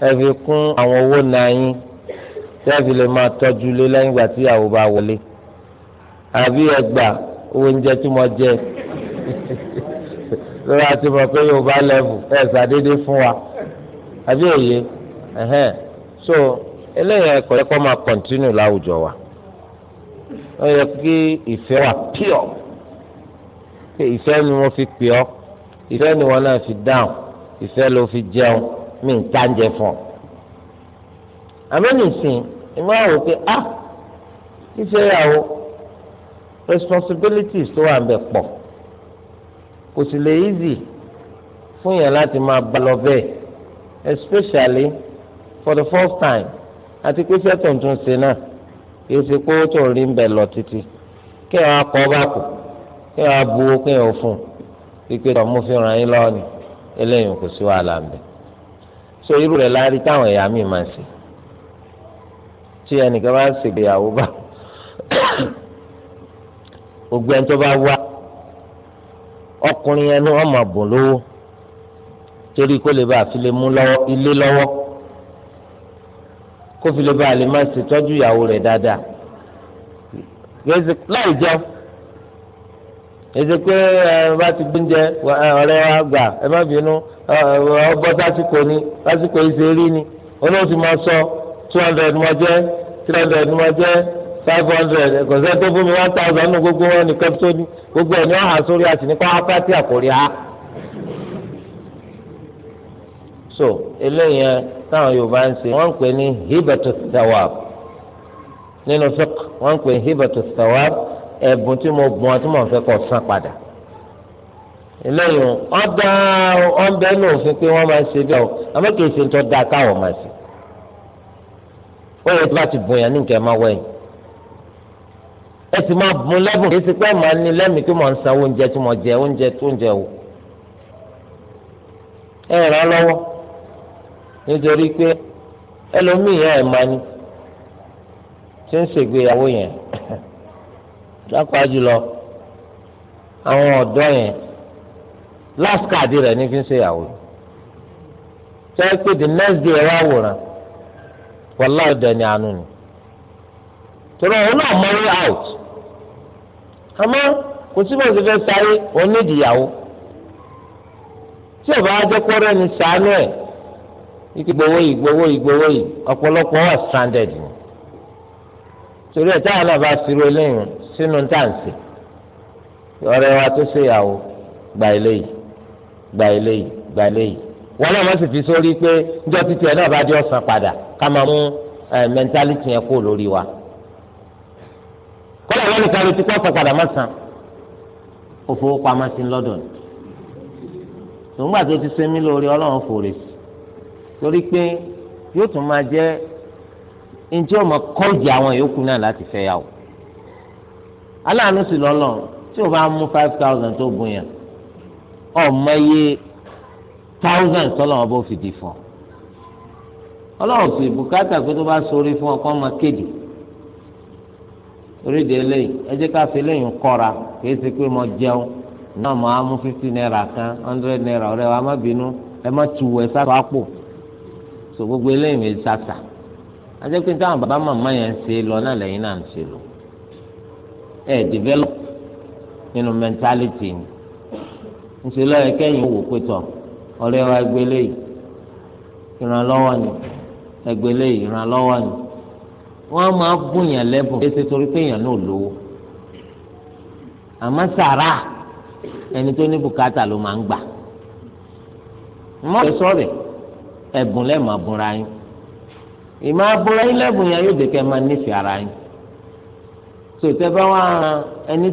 [SPEAKER 1] ẹ fi kún àwọn owó náà yín tẹ́ẹ̀fì lè máa tọ́jú lé lẹ́yìn ìgbà tí ìyàwó bá wọlé àbí ẹgbà owó oúnjẹ tí mo jẹ lórí àti mọ̀ pé yóò bá lẹ́bù ẹ̀ sàdédé fún wa àbí òye ẹ̀hẹ́n so eléyìí ẹ̀kọ́ ẹ̀kọ́ máa kọ̀ntínú láwùjọ wa ó yẹ kí ìfẹ́ wà pure pé ìfẹ́ ni wọ́n fi pè ọ́ ìfẹ́ ni wọ́n náà fi dáhùn ìfẹ́ ló fi jẹun mí ń tàǹjẹ fún ọ. àmọ́ nìsín ìmọ̀ àwò pé a ah, ṣíṣe ìyàwó responsibilities tó wà ń bẹ pọ̀ kò sì lè easy fún yẹn láti máa bá lọ bẹ́ẹ̀ especially for the first time àti pé sẹ́tọ̀ tó ń ṣe náà kì í ṣe pé ó tó rí ń bẹ lọ títí kí ẹ̀ wá kọ́ bá kù kí ẹ̀ wá bu owó kí ẹ̀ ò fún un pípé tó mú fi ràn yín lọ́wọ́ ni eléyìí kò sí wàhálà ń bẹ so irú rẹ̀ láàárín táwọn ẹ̀yà míì máa ń ṣe tí ẹnìkan bá ṣègbéyàwó bá gbogbo ẹni tó bá wá ọkùnrin yẹn ni wọn máa bùn lówó torí kó lè bá àfi lè mú ilé lọ́wọ́ kó fi lè bá àlè má ṣètọ́jú ìyàwó rẹ̀ dáadáa láì jẹun èsì pé ẹ bá ti gbóúnjẹ ọ̀rẹ́ wa gbà ẹ má bínú ọ bọ́ sásìkò ni sásìkò ìṣe ni olóòtú máa sọ two hundred mo jẹ́ three hundred mo five hundred gbogbo wọn ní gbogbo ẹ̀ ní ọ̀hà sórí àti àkórí a. so eléyìí táwọn Yorùbá ń ṣe wọ́n ń pè ní hibatu thawab nínú fiqh wọ́n ń pè ní hibatu thawab ẹ̀bùn tí mo gbọ́n ọ tí mo fẹ́ kọ́ san padà eléyìí ọ̀dà ọ̀nbẹ́ ní òfin pé wọ́n máa ń ṣe o àmọ́ kìí ṣe ń tọ́ bóyá tó bá ti bùn yàn ní nǹkan ẹ̀ máa wẹ̀yìn ẹ ti máa bùn lẹ́bùn kí sípẹ́ máa ní lẹ́mìí kí mo ń san oúnjẹ tí mo jẹ oúnjẹ tó ń wò ẹ ràn án lọ́wọ́ nítorí pé ẹlòmíì ẹ̀ máa ní tí ń ṣègbéyàwó yẹn lápá jùlọ àwọn ọ̀dọ́ yẹn last card rẹ̀ ní fi ń ṣèyàwó tẹ́ pé the next day ẹ wá wòran wàlá ọ̀dọ̀ ni àánú ni torí òun náà mọ́rí out àmọ́ kò síbò sí fẹ́ sáré òun ní ìdìyàwó tí ọba ajẹ́pọ́rẹ́ ni sàánú ẹ̀ ìgbowó ìgbowó ìgbowó yìí ọ̀pọ̀lọpọ̀ wà stranded ni torí ẹ̀ táwọn náà bá sírò eléyìí sínú táǹsì ọ̀rẹ́ wa tó ṣèyàwó gba eléyìí gba eléyìí gba eléyìí wọn náà wọ́n sì fi sórí pé níjọ́ títí ẹ̀ náà bá dé ọ̀sán padà ká máa mú mẹ́ńtálítì yẹn kó lórí wa
[SPEAKER 2] kọ́lá wọn nìkan ló ti kọ́ padà má
[SPEAKER 1] san òfowópamọ́ sí lọ́dọ̀ ni tòǹgbà tó ti ṣe mí lórí ọlọ́run fòrè sí torí pé yóò tún máa jẹ́ njẹ́ ọmọ kọ́ọ̀jì àwọn yòókù náà láti fẹ́ yà wò aláàánú sì lọ́lọ́ tí o bá mú five thousand tó bùn yàn ọmọ iye thousand tọ́lọ̀ wọn bó fìdí fún ọ ọlọ́run fi bùkátà pé tó bá sórí fún ọkọ ọmọ kéde torí eléyìí ẹ jẹ́ ká fi eléyìí kọ́ra kì í ṣe pé mo jẹun náà mo á mú fifty naira kan hundred naira ọ̀rẹ́ wa má bínú ẹ má tu ẹ so gbogbo eléyìí mi sàṣà ẹ jẹ́ pé táwọn bàbá màmá yẹn ń ṣe lọ náà lẹ́yìn náà ń ṣe lọ ẹ develop nínú mentality ń ṣe lọ́yẹ̀ kẹ́yìn Ọrịa wa gbélé ìrànlọ́wọ́ ni ẹgbélé ìrànlọ́wọ́ ni wọ́n máa bùnyàn lẹ́bùn èsì torí pé èèyàn náà ẹni tó ní bùkátà ló máa gbà mọ́tò sọ̀rọ̀ ẹ̀bùn lẹ́ẹ̀mọ́ abúra yín ìmọ̀ abúra yín lẹ́bùn yẹn yóò máa nífẹ̀ẹ́ ara yín bá wà ẹni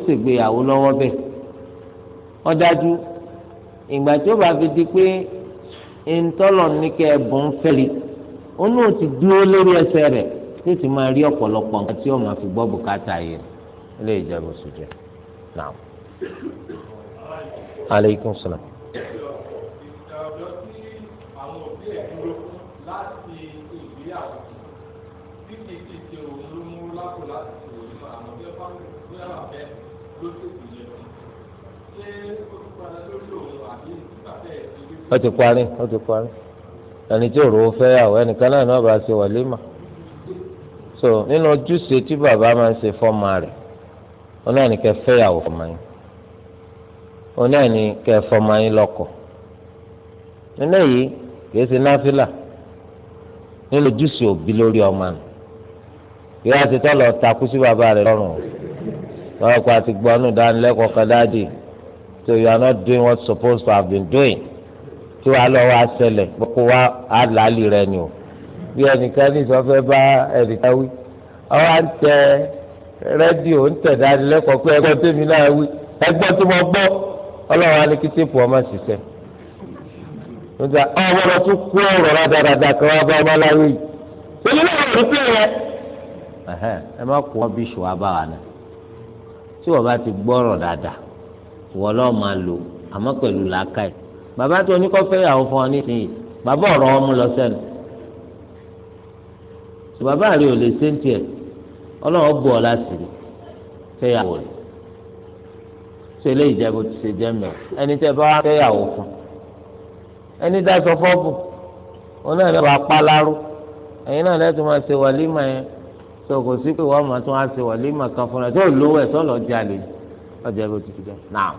[SPEAKER 1] lọ́wọ́ bẹ́ẹ̀ ìgbà tí ó bá fi di pé ntọ́lọ̀ ní kẹ́ ẹ̀bùn fẹ́lẹ̀ ó náà ti dúró lórí ẹsẹ̀ rẹ̀ tó sì máa rí ọ̀pọ̀lọpọ̀ nǹkan tí ó máa fi gbọ́ bùkátà yìí ilé ìjọba oṣù jẹ náà. aleykum salaam.
[SPEAKER 2] ṣé ó
[SPEAKER 1] ó ti parí ó ti parí ẹni tí òrò fẹ́ yàwó ẹnìkan náà náà bá ṣe so nínú ojúṣe tí bàbá máa ń ṣe fọ́ọ̀mà rẹ̀ ó náà ní kẹ́ fẹ́ yàwó fọ́ọ̀mà yín ó náà ní fọ́ọ̀mà yín nínú èyí kìí ṣe náfìlà nínú ojúṣe òbí lórí ọmọ rẹ̀ kìí ṣe tọ́lọ̀ takú sí bàbá rẹ̀ lọ́rùn àti gbọ́nù dánilẹ́kọ̀ọ́ kan so you are not doing what supposed to have been doing tí wàá lọ wá ṣẹlẹ̀ gbogbo wa á làálì rẹ ni o bí ẹnìkan ní sọ fẹ́ bá ẹnìkan wí ọwọ́ à ń tẹ rédíò ń tẹ̀ dánilẹ́kọ̀ọ́ pé ẹgbọ́n tèmi náà wí ẹgbọ́n tí mo gbọ́ ọlọ́run á ní kí téèpù ọmọ ṣiṣẹ́ nígbà ọmọ lọ tún kú ọ̀rọ̀ rádaràdà kan wá bá ọmọ aláwọ̀
[SPEAKER 3] yìí náà wọ̀ lókè rẹ.
[SPEAKER 1] ẹ má kó wọn bí ṣùgbọ́n bá wà náà tí wọ́n bá ti gbọ́ ọ̀rọ̀ dáadáa wọ́n lọ́ọ́ máa lò àmọ́ pẹ̀lú làákàyè bàbá tó ní kó fẹ́ yàwó fún ọ nísìnyí bàbá ọ̀rọ̀ ọmú lọ sẹ́nu tó bàbá rẹ ò lè ṣe ń tiẹ̀ ọlọ́run bù ọ láti fẹ́ yàwó rẹ̀ tó ilé ìjẹ́bù ti ṣe jẹ́ mẹ́ọ̀ ẹni tẹ́ bá wá fẹ́ yàwó fún ẹni dá sọ fọ́ọ̀bù òun náà lẹ́wọ̀ apálárú ẹ̀yin náà lẹ́tọ̀ máa ṣe wàlímà yẹn tó kò sí pé wọ́n máa tún á ṣe wàlímà kan fúnra tó lówó ẹ̀ tó lọ́ọ́ jalè ọjọ́ ìbò tuntun jẹ́ náà.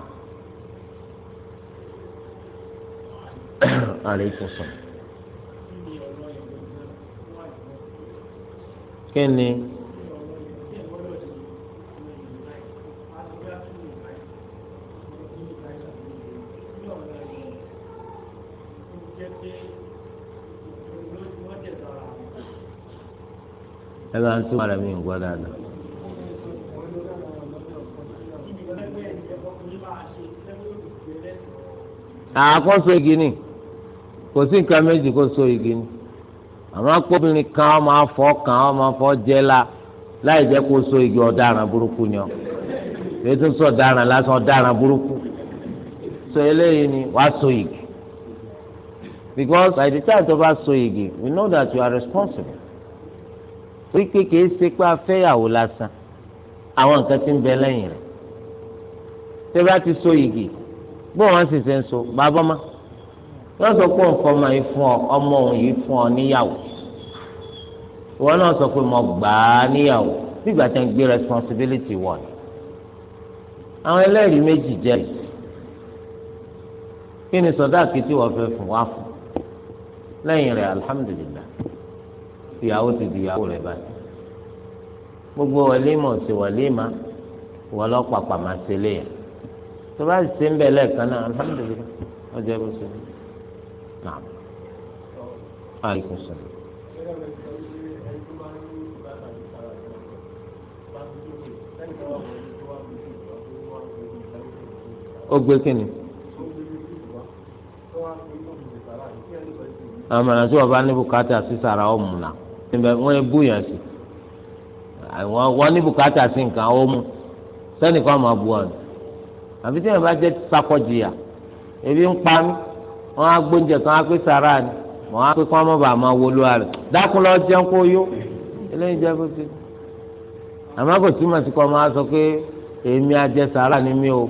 [SPEAKER 1] àlékún sàn. kí ni ẹ bá ń tún ara mi gbọ́ dáadáa. àkóso igi ni. kò sí nǹkan méjì kó so igi ni àmọ́ akpọ́bìnrin kan ọmọ afọ́ kan ọmọ afọ́ jẹ́ láì jẹ́ kó so igi ọ̀daràn burúkú ni ọ ètò sọ ọ̀daràn lásán ọ̀daràn burúkú so eléyìí ni wàá so igi because by the time tó bá so igi we know that you are responsible wípé kìí ṣe pé afẹ́yàwó lásán àwọn nǹkan tí ń bẹ lẹ́yìn rẹ̀ tẹ́lá ti so igi bó wọn sì ṣe ń so bàbá máa. wọ́n sọ pé nǹkan ọmọ yìí fún ọ ọmọ òun níyàwó náà sọ pé mo gbà á níyàwó nígbà tí responsibility wọ̀ àwọn ẹlẹ́rìí méjì jẹ́ kí ni sọdáàkì tí wọ́n fẹ́ fún wa fún lẹ́yìn rẹ̀ ìyàwó ti di ìyàwó rẹ̀ báyìí gbogbo wàlímọ̀ sí wàlímà wọ́n pàpà máa ṣe léyà tó bá ṣe ń bẹ̀ náà àìkún sọ̀rọ̀. ó gbé kí ni. àmàlà tí wọn bá ní bùkátà sí sàrà ó mú na wọn bú yẹn sí wọn ní bùkátà sí nǹkan ọ mú sẹ́nìkan máa bu ọ̀nà àbí tí wọn bá jẹ́ sakọ́jìyà ebi ń pa mí. wọn á gbóúnjẹ kan á pé sàrà ni wọn á pé kí wọn má máa wọlé wa dákun lọ jẹun kó yó eléyìí jẹ kó ti kò túmọ̀ o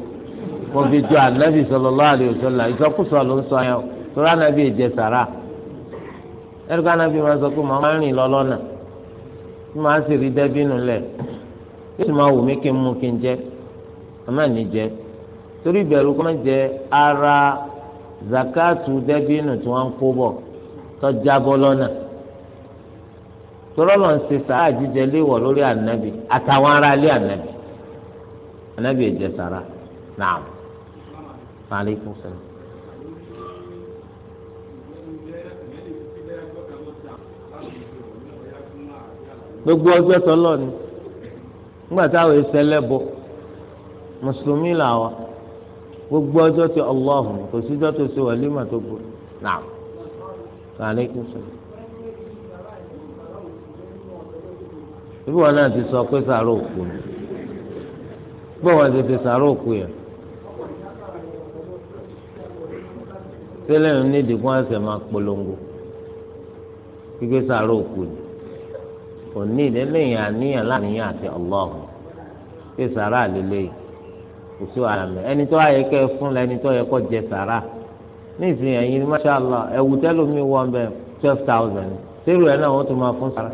[SPEAKER 1] mo fi jọ ànábì sallallahu alaihi wasallam ìsọkúsọ ló ń sọ yẹn o máa sọ pé màá máa rìn tí màá sì rí lẹ̀ yóò sì máa wù mí kí n mú ara. zakatu dẹbìnú tí wọ́n ń kó bọ̀ tó jábọ́ lọ́nà tọ́lọ́lọ́ ń ṣe sàrà jíjẹ léwọ̀ lórí ànábì àtàwọn ará ilé ànábì ànábì èjẹ sàrà naam maaleykum gbogbo ọjọ́ tọ́lọ́ ni nígbà táwọn ẹsẹ̀ lẹ́bọ̀ mùsùlùmí làwọn. gbogbo ọjọ́ ti Allah kò síjọ́ tó ṣe wàlímà tó gbò náà aleykum salaam. ibi wọn náà ti sọ pé sàárò òkú ni
[SPEAKER 2] bó wọn ti fi òkú
[SPEAKER 1] yẹn tẹ́lẹ̀ ní ìdìgún àṣẹ máa polongo gbígbé sàárò òkú ni òní ìdẹ́lẹ́yìn àníyàn láàníyàn àti ọlọ́hùn pé sàárà lélẹ́yìn. kò sí wàhálà mẹ ẹni tó ayẹ kẹ fún la ẹni tó yẹ kọ jẹ sàrà ní ìsìn ẹyin ní masha allah ẹwù tẹlómi wọn twelve thousand sẹrù ẹ náà wọn tún máa fún sàrà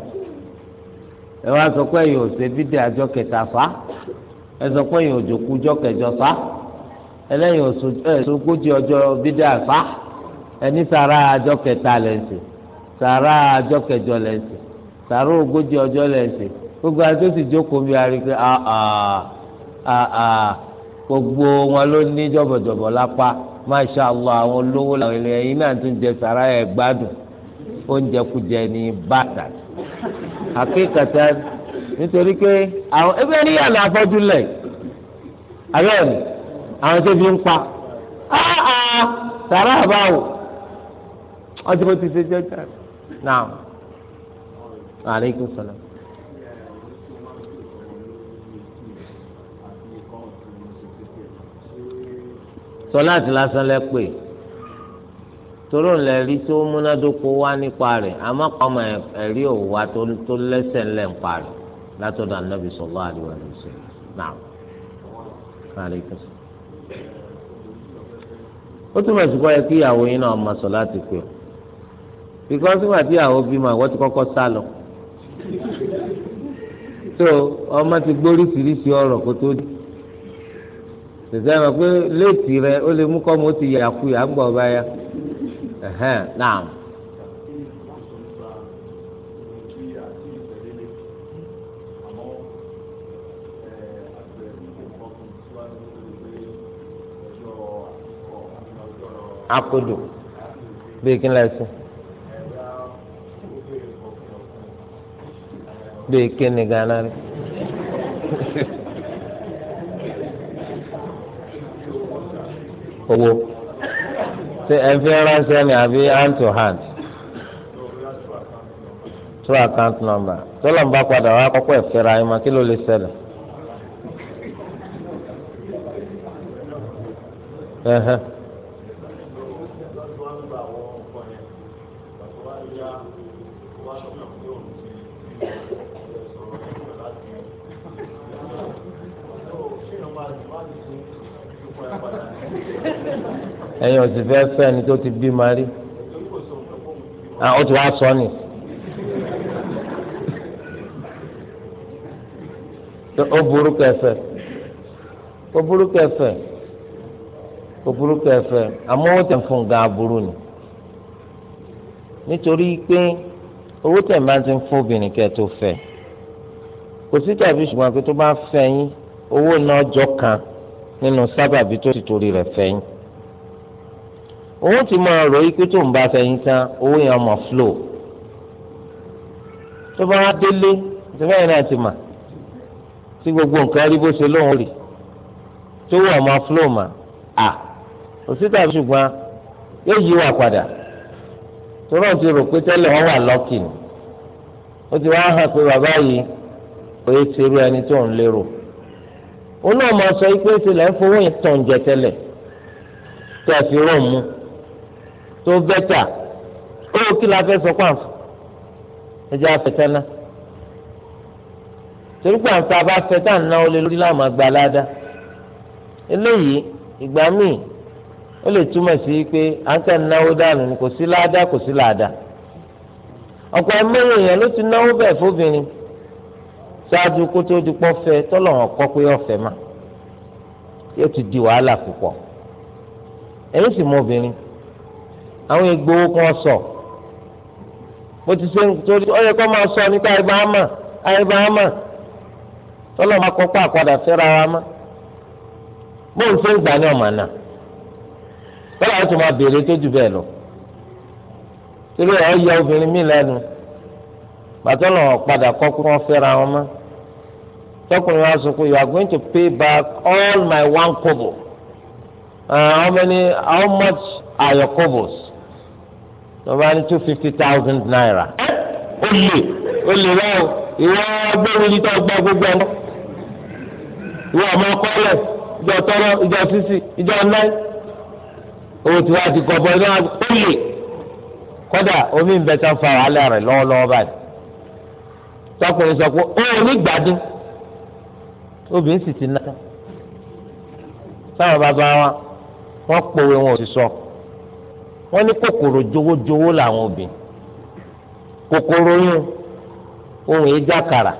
[SPEAKER 1] ẹ wá sọ pé ẹ̀yin ò ṣe bídẹ àjọ kẹta fa ẹ sọ pé ẹ̀yin ò jòkú jọ kẹjọ fa ẹlẹyìn òṣogójì ọjọ́ bídẹ àfa ẹni sàrà àjọ kẹta lẹ ń ṣe sàrà àjọ kẹjọ lẹ ń ṣe sàrà ogójì ọjọ́ lẹ ń ṣe gbogbo àti ó sì jókòó bí i arí àà àà gbogbo wọn ló ní jọ̀bọ̀jọ̀bọ̀ lápá masha allah àwọn olówó làwọn ènìyàn yìí náà tún jẹ sàrà ẹ̀ gbádùn oúnjẹ kújẹ ní bàtà àkíkàtà nítorí pé àwọn ẹgbẹ́ níyànjú afọ́jú lẹ̀ abẹ́rẹ́ ni àwọn tó fi ń pa
[SPEAKER 2] sàrà àbáwò
[SPEAKER 1] ọtí mo ti ṣe jẹjẹrẹ náà aleykum salaam.
[SPEAKER 2] sọláàtì lásán lẹ pè
[SPEAKER 1] toró ńlẹ rí tó múnádóko wá nípa rẹ̀ àmọ́ ọmọ ẹ̀rí òwà tó lẹ́sẹ̀ ńlẹ̀ ń parí látọ̀dọ̀ anábì sallallahu alaihi wasallam náà kàlíkà. ó túmọ̀ sí kọ́yẹ kí ìyàwó yín náà máa sọláàtì pè ó bíkọ́ sígbà tí ìyàwó bímọ àwọn ti kọ́kọ́ sá lọ. tó ọmọ ti gbóríṣiríṣi ọ̀rọ̀ kó tó dé tẹ̀sán ma pé léètì rẹ ó lè mú kọ́ mo ti yà kú yà ń gbọ́ báyà ẹ̀hẹ́n náà. akodo bíi kí n lè sùn ni gánà rí. owó
[SPEAKER 2] ṣé ẹ fi ránṣẹ́ ni àbí hand
[SPEAKER 1] to hand through account number tọ́lọ̀ ń bá padà wá kọ́kọ́ ẹ̀fẹ́ ra ẹ̀ máa kí ló lè ṣẹlẹ̀. uh
[SPEAKER 2] ò sì fẹ́ fẹ́
[SPEAKER 1] ẹni tó ti bí ma rí ó ti wá sọ ni.
[SPEAKER 2] ó burú kẹfẹ
[SPEAKER 1] ó burú kẹfẹ ó burú kẹfẹ àmọ́ ó tẹ̀ fún gan aburú ni nítorí pé owó tẹ̀ máa ti ń fún obìnrin kẹ́ tó fẹ́ kò sí tàbí ṣùgbọ́n pé tó bá fẹ́ yín owó náà jọ kan nínú sábàbí tó ti torí rẹ̀ fẹ́ yín òun ti máa rò ikú tó ń bá tán owó yẹn ọmọ fúlò tó bá délé ti mà tí gbogbo nǹkan rí bó ṣe lóun rì tó wọ ọmọ fúlò mà à òsítà ṣùgbọn yóò yí wà padà tó náà ti rò pé tẹ́lẹ̀ wọ́n wà lọ́kì ni ó ti hàn pé bàbá yìí òye ti rú ẹni tó ń lérò òun náà máa a fi rọ̀ tó bẹ́tà ó kí la fẹ́ sọ pàǹfù ẹjẹ́ afẹ́tẹ́ náà torí pàǹfù àbá fẹ́tà ó lé lórí láàmú eléyìí ìgbà míì ó lè túmọ̀ sí pé à ń tẹ̀ náwó dànù kò sí láàdá kò sí láàdá ọ̀pọ̀ ẹ̀mẹ́rin èèyàn ló ti náwó fóbìnrin ṣáájú kó tó di kọ́ pé ọ̀fẹ́ mà àwọn ìgbowó kan sọ bó ti ṣe ń torí ọyẹ kó máa sọ nípa àìbáhámà àìbáhámà tọ́lọ́ máa kọ́ pàkọ́dà fẹ́ra wa má bó ń ṣe ń gbà ní ọ̀mà náà tọ́lọ́ àwọn tó máa béèrè tó jù bẹ́ẹ̀ lọ torí ọyẹ obìnrin mi lẹ́nu gbàtọ́lọ̀ padà kọ́ kó wọ́n fẹ́ra wọn má tọkùnrin wa sọ pé you are going to pay back all my one kobo uh, how many how much are your kobos tó bá ní two fifty thousand naira ó lè
[SPEAKER 2] ó lè wá o ìwọ gbẹ́rù yìí tó gbọ́ gbogbo ẹ̀
[SPEAKER 1] ìwọ ọmọ kọ́lẹ̀ ìjọ tọrọ ìjọ sísì ìjọ náà owó tí wàá ti gọbọ ní wàá ó lè kódà omi ń bẹ tán fa wàhálà rẹ lọ́wọ́lọ́wọ́ báyìí tọkùnrin sọ pé ó onígbàdún obìnrin sì ti ná táwọn bàbá wa wọ́n pòwe wọn ò sì sọ. So wọ́n ní kòkòrò jowójowó làwọn obìn kòkòrò yún ohun èyí jákàrà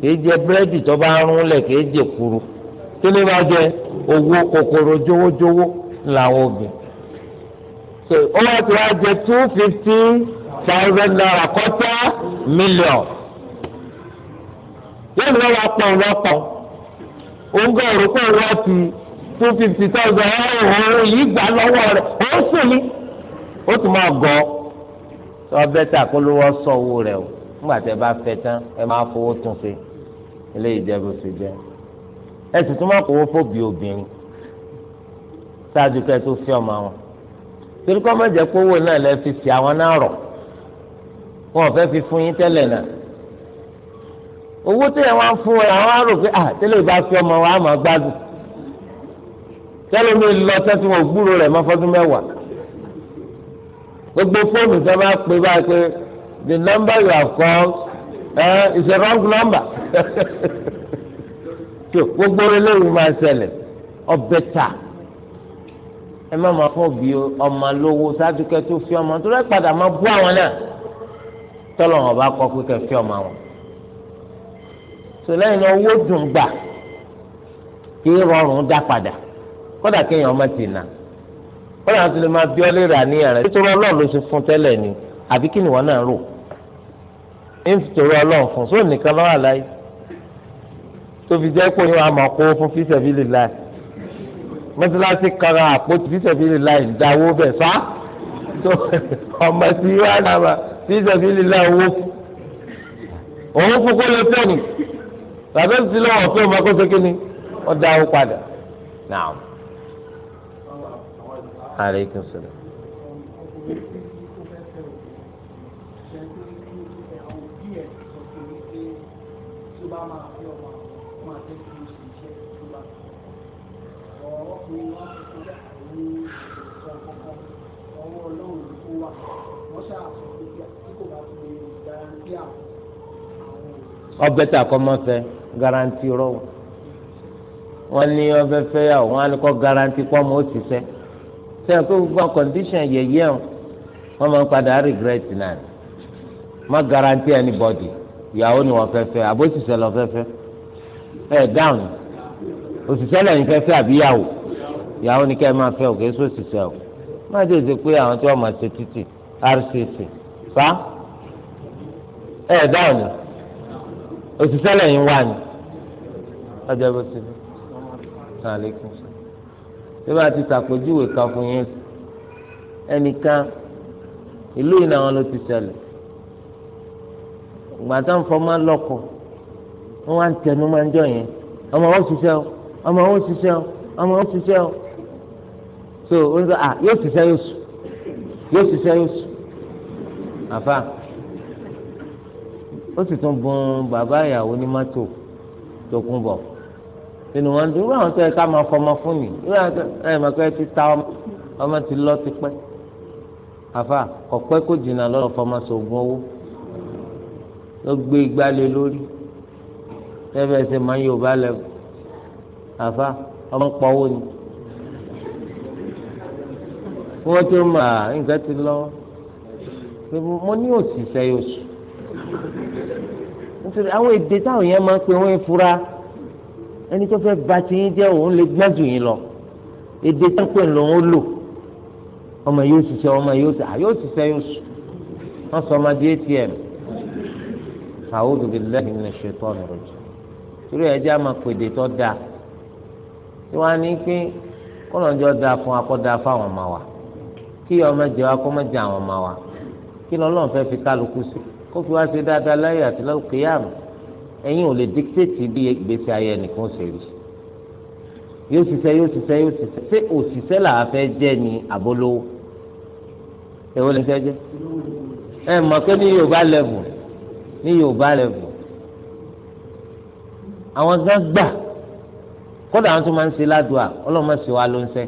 [SPEAKER 1] kìí jẹ búrẹ́dì tó bá rún lẹ̀ kìí jẹ kuru kí ni wọ́n jẹ owó kòkòrò jowójowó làwọn obìn so owó tí wọ́n jẹ two fifty thousand naira
[SPEAKER 2] kọ́tà million yẹ́nì wọ́n wá pọ̀ wọ́n pọ̀ òun gbọ́ òrùkọ́ wọ́n ti two fifty thousand ọ̀hún yìí gbà lọ́wọ́ rẹ̀ ó sì ní
[SPEAKER 1] ó tún máa gọ̀ sọ bẹ́tà kó sọ owó rẹ̀ o nígbà tẹ́ bá fẹ́ tán ẹ máa fowó tún ṣe eléyìí jẹ́ bó ṣe jẹ́ ẹ sì tún máa kówó fóbi obìnrin ṣáájú kẹ́ tó fi ọmọ wọn torí kọ́ mọ̀jẹ̀ kówó náà lẹ́ fi fi àwọn náà rọ̀ wọn ò fẹ́ fi fún yín tẹ́lẹ̀ náà owó tẹ̀yẹ̀ wọn fún ẹ àwọn á rò pé à ah, tẹ́lẹ̀ ìbá fi ọmọ wọn á máa gbádùn sẹ́ni mi lọ sẹ́tí wọn gbúrò rẹ̀ mọ́ fọ́dún mẹ́wàá gbogbo fóònù sọ ma pè báyìí pé the number you have called uh, is a wrong number tó gbogbo eléyìí máa ṣẹlẹ̀ ọbẹ̀ ta ẹ má máa fọ́ bí ọmọ lówó sáájú kẹ́ tó fi ọmọ tó rẹ́ padà máa bú àwọn náà tọ́lọ̀ wọn bá kọ́ pé kẹ́ fi ọmọ wọn sọlẹ́yìn náà owó dùn gbà kí rọrùn dá padà kódà kéèyàn má ti nà kódà tó lè máa bí ọ léèrè àníyàn rẹ nítorí ọlọ́run ló ṣe fún tẹ́lẹ̀ ni àbí kí nìwọ náà rò nítorí ọlọ́run fún sóò nìkan lọ́wọ́ àlàyé tó fi jẹ́ pé yóò máa kó fún fíṣẹ̀bílì láì mọ́tíláṣí kara àpótí fíṣẹ̀bílì láì dáwó bẹ̀ fá tó ọmọ tí wà nàbà fíṣẹ̀bílì láì wó òun fún kó lè fẹ́ ni tàbí ti lọ́wọ́ fún ọmọ kó ṣe kí ni ó dáwó padà náà aleykum salaam. ọbẹ̀ tí a kọ́ mọ́ fẹ́ garanti rọ wọn ní ọbẹ̀ fẹ́ yà wọ́n á ní kọ́ garanti kọ́ mọ́ ó ti sẹ́yìn pé gbogbo àwọn condition yẹ̀yẹ́ o wọ́n máa ń padà regret náà má guarantee anybody ìyàwó ni wọ́n fẹ́ fẹ́ àbó òṣìṣẹ́ lọ fẹ́ fẹ́ ẹ̀ dáhùn òṣìṣẹ́ lẹ́yìn fẹ́ fẹ́ àbí ìyàwó ìyàwó ni kẹ́ ẹ máa fẹ́ òkè sọ òṣìṣẹ́ o má dé ṣe pé àwọn tí wọ́n máa ṣe títì rcc fa ẹ̀ dáhùn òṣìṣẹ́ lẹ́yìn wà ní ọjọ́ bó ti ní bí wọ́n ti sàpèjúwe kan fún yín ẹnìkan ìlú yìí náà wọn ló ti ṣẹlẹ̀ gbàtà ń fọmọ lọkọ wọn wá ń tẹnu máa ń jọ yẹn ọmọ wọn ṣiṣẹ́ o ọmọ wọn ṣiṣẹ́ o ọmọ wọn ṣiṣẹ́ o so wọn sọ ah yóò ṣiṣẹ́ yóò sùn yóò ṣiṣẹ́ yóò sùn àfa ó sì tún bùn bàbá ìyàwó ní mọ́tò tó kún bọ̀ nínú wọn dúró àwọn tó yẹ ká máa fọmọ fún ni irú àwọn tó ẹ mọ̀ pé ti ta ọmọ ọmọ ti lọ ti pẹ́ àfa ọ̀pẹ́ kò jìnnà lọ́rọ̀ fọmọ sògùn owó ló gbé igbá lé lórí tẹ́fẹ́ ṣe máa ń yorùbá lẹ́wọ̀ àfa ọmọ ń pọ̀ owó ni wọ́n tó mọ̀ à nǹkan ti lọ mo ní òṣìṣẹ́ yóò sùn nítorí àwọn èdè táwọn yẹn máa ń pe wọ́n fura ẹni tó fẹ́ ba ti yín jẹ́ òun lè gbọ́n jù yín lọ èdè tó pè lòun ó lò ọmọ yóò ṣiṣẹ́ ọmọ yóò ṣe àyóò ṣiṣẹ́ yóò sùn wọ́n sọ ọmọ di atm a'udhu billahi minash shaitani rajim torí ẹjẹ́ àmọ́ pèdè tó dáa tí wọ́n á ní pé kọ́lọ́njọ́ dáa fún akọ́dáa fáwọn ọmọ wa kí ọmọ jẹ wa kọ́ mọ́ àwọn ọmọ wa kí lọ́lọ́run fẹ́ fi kálukú sí kó fi wá ṣe dáadáa láyé àti ẹ̀yin ò lè dictate bí ìgbésí ayé ẹnìkan ṣe rí yóò ṣiṣẹ́ yóò ṣiṣẹ́ yóò ṣiṣẹ́ ṣé òṣìṣẹ́ làá fẹ́ jẹ́ ni àbólówó èwo lè fẹ́ jẹ́
[SPEAKER 2] ẹ mọ̀ pé ní Yorùbá
[SPEAKER 1] level ní Yorùbá level àwọn gan gbà kódà àwọn tó máa ń ṣe ládùá ọlọ́mọ sì wá ló ń ṣe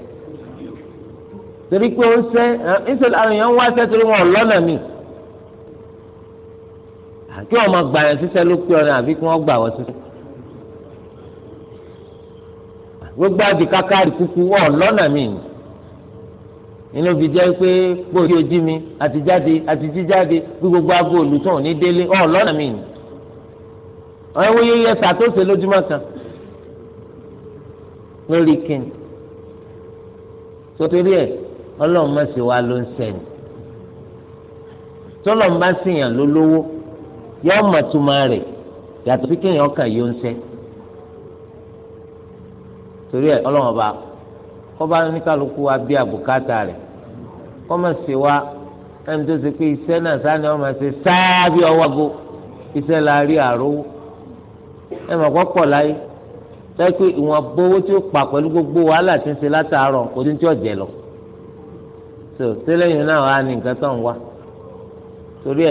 [SPEAKER 1] torí pé ó ń ṣe ń ṣe àwọn èèyàn ń wá ṣe torí wọn ò lọ́nà míì kí wọ́n máa gbàyàn síṣẹ́ ló pé ọ̀nà àbí kí wọ́n gbà wọ́n síṣẹ́. gbogbo àdì kákàrí kúkú wọ́n lọ́nà mi ni inú fi jẹ́ pé gbòòdì ojú mi àti jáde àti jíjáde bí gbogbo aago olùtọ̀ ní délé wọ́n lọ́nà mi ni. ọ̀rẹ́ wọ́n yẹ yẹ sàtọ́sẹ̀ lójúmọ́ kan lórí kíni sotori ẹ ọlọ́run má ṣe wá ló ń sẹ́yìn tọ́lọ́run bá ṣèyàn lólówó. yọ mọ̀túmọ̀ rẹ̀ yàtọ̀ sí kéèyàn yóò ń sẹ́ torí ẹ̀ ọlọ́wọ́n bá kọ́ba oníkàlùkù wa bí àbùkátà rẹ kọ́mọ̀ sí wa ẹni tó ṣe pé iṣẹ́ náà sáni ọmọ ṣe sáábì ọwọ́ ago iṣẹ́ la ẹ mọ̀ láyé tí ó pa pẹ̀lú gbogbo wàhálà tí ń ṣe látàárọ̀ kò tí ń tí so náà wà ní nǹkan tó ń wá torí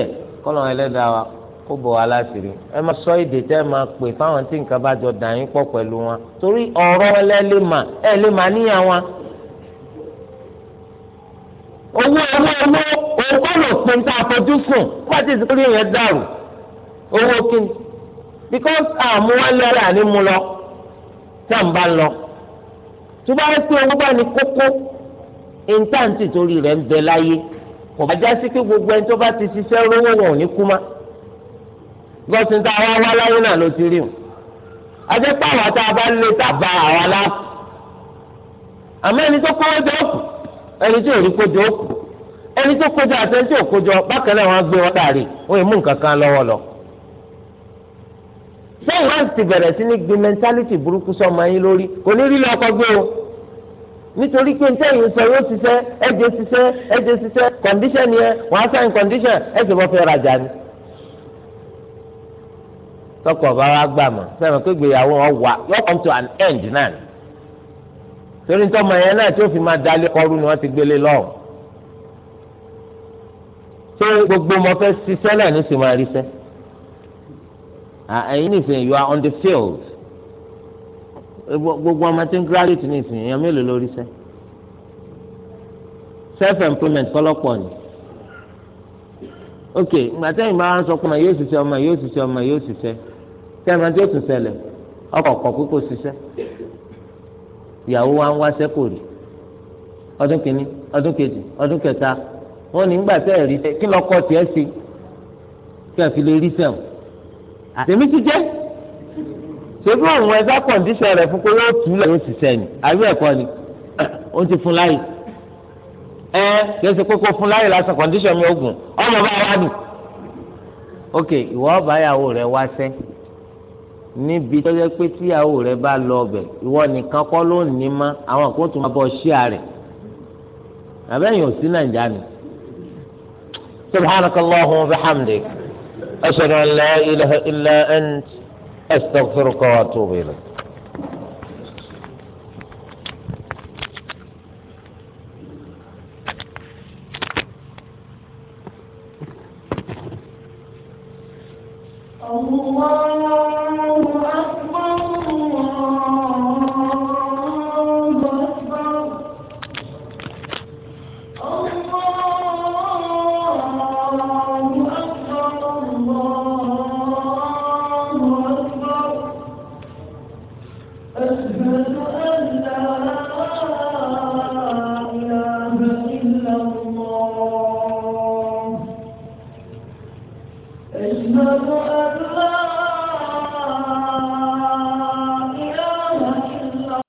[SPEAKER 1] kó bọ̀ wá láṣìírí ẹ máa sọ èdè tẹ́ máa pè fáwọn tí nǹkan bá jọ dàn yín pọ̀ pẹ̀lú wọn torí ọ̀rọ̀ ẹlẹ́lẹ́mà ẹ lè máa níyàn wọn. owó owó owó òǹkọ́nà pin tá a fojú sùn wọ́n ti yẹn dàrú owó kíni because àmúwálé ara ni mu lọ tá à ń bá lọ tó bá rí pé owó bá ní kókó intanti torí rẹ̀ ń bẹ láyé kò bá já sí pé gbogbo ẹni tó bá ti ṣiṣẹ́ rówó wọn ò ní kú máa. gbọ́sí tá a wá wá na náà ló ti rí o ajẹ́ pé àwọn tá a bá lé tá a bá àwa lá àmọ́ ẹni tó kówó jọ òkú ẹni tí ò rí ẹni tó kójọ àti ẹni tí ò bákan náà wọ́n gbé wọn dàrí wọ́n mú nǹkan kan lọ́wọ́ lọ. sẹ́yìn wá ti bẹ̀rẹ̀ sí ní gbin o nítorí pé sọ yóò ṣiṣẹ́ ẹ̀jẹ̀ ṣiṣẹ́ ẹ̀jẹ̀ ṣiṣẹ́ kọ̀ǹdíṣẹ̀ ni ẹ wọ́n á sáyìn kọ̀ǹdíṣẹ̀ ẹ̀jẹ̀ ni. tọkọ ọba wa gbà mọ sẹ́wọ̀n pé gbéyàwó wọn wà yóò come to an end náà torí tọmọ yẹn náà tí ó fi máa dalé kọrú ni wọ́n ti gbélé lọ́wọ́ tó gbogbo ọmọ fẹ́ ṣiṣẹ́ náà ní sèmọ àríṣẹ́ ẹ̀yin nìsín you are on the field gbogbo ọmọ tí ń graduate nìsín èèyàn mélòó lórí sẹ́ self employment kọ́lọ́pọ̀ ni ok ìgbà tẹ́yìn bá ń sọ pé ọmọ yóò ṣiṣẹ́ ọmọ yóò ṣiṣẹ́ ọmọ yóò ṣiṣẹ́ sẹ́mi tí ó tún ṣẹlẹ̀ ọkọ̀ kọ̀ pé kò ṣiṣẹ́ ìyàwó wa ń wáṣẹ́ kò rí ọdún kìíní ọdún kejì ọdún kẹta wọn ní gbà tẹ́ ẹ̀ rí sẹ́ kí lọ́kọ tiẹ̀ ṣe kí ẹ fi lè rí sẹ́wọ̀n àtẹ̀mí ti jẹ́ ṣebí òun ẹ̀dá kọ̀ǹdíṣọ̀ rẹ̀ fún pé yóò tù ú yóò ṣiṣẹ́ ni àbí ẹ̀kọ́ ni ó ti fún láyè ẹ kìí ṣe kókó fún láyè lásán kọ̀ǹdíṣọ̀ mi ò gùn ọmọ bá wà nù. ok ìwọ ọba ìyàwó rẹ wá níbi tó yẹ pé tíyàwó rẹ bá lọ ọbẹ̀ ìwọ nìkan kọ́ ló ní mọ́ àwọn kó tún bọ ṣíà rẹ̀ àbẹ́yìn ò sí nàìjà ni. سبحانك اللهم وبحمدك أشهد أن لا إله إلا أنت أستغفرك وأتوب إليك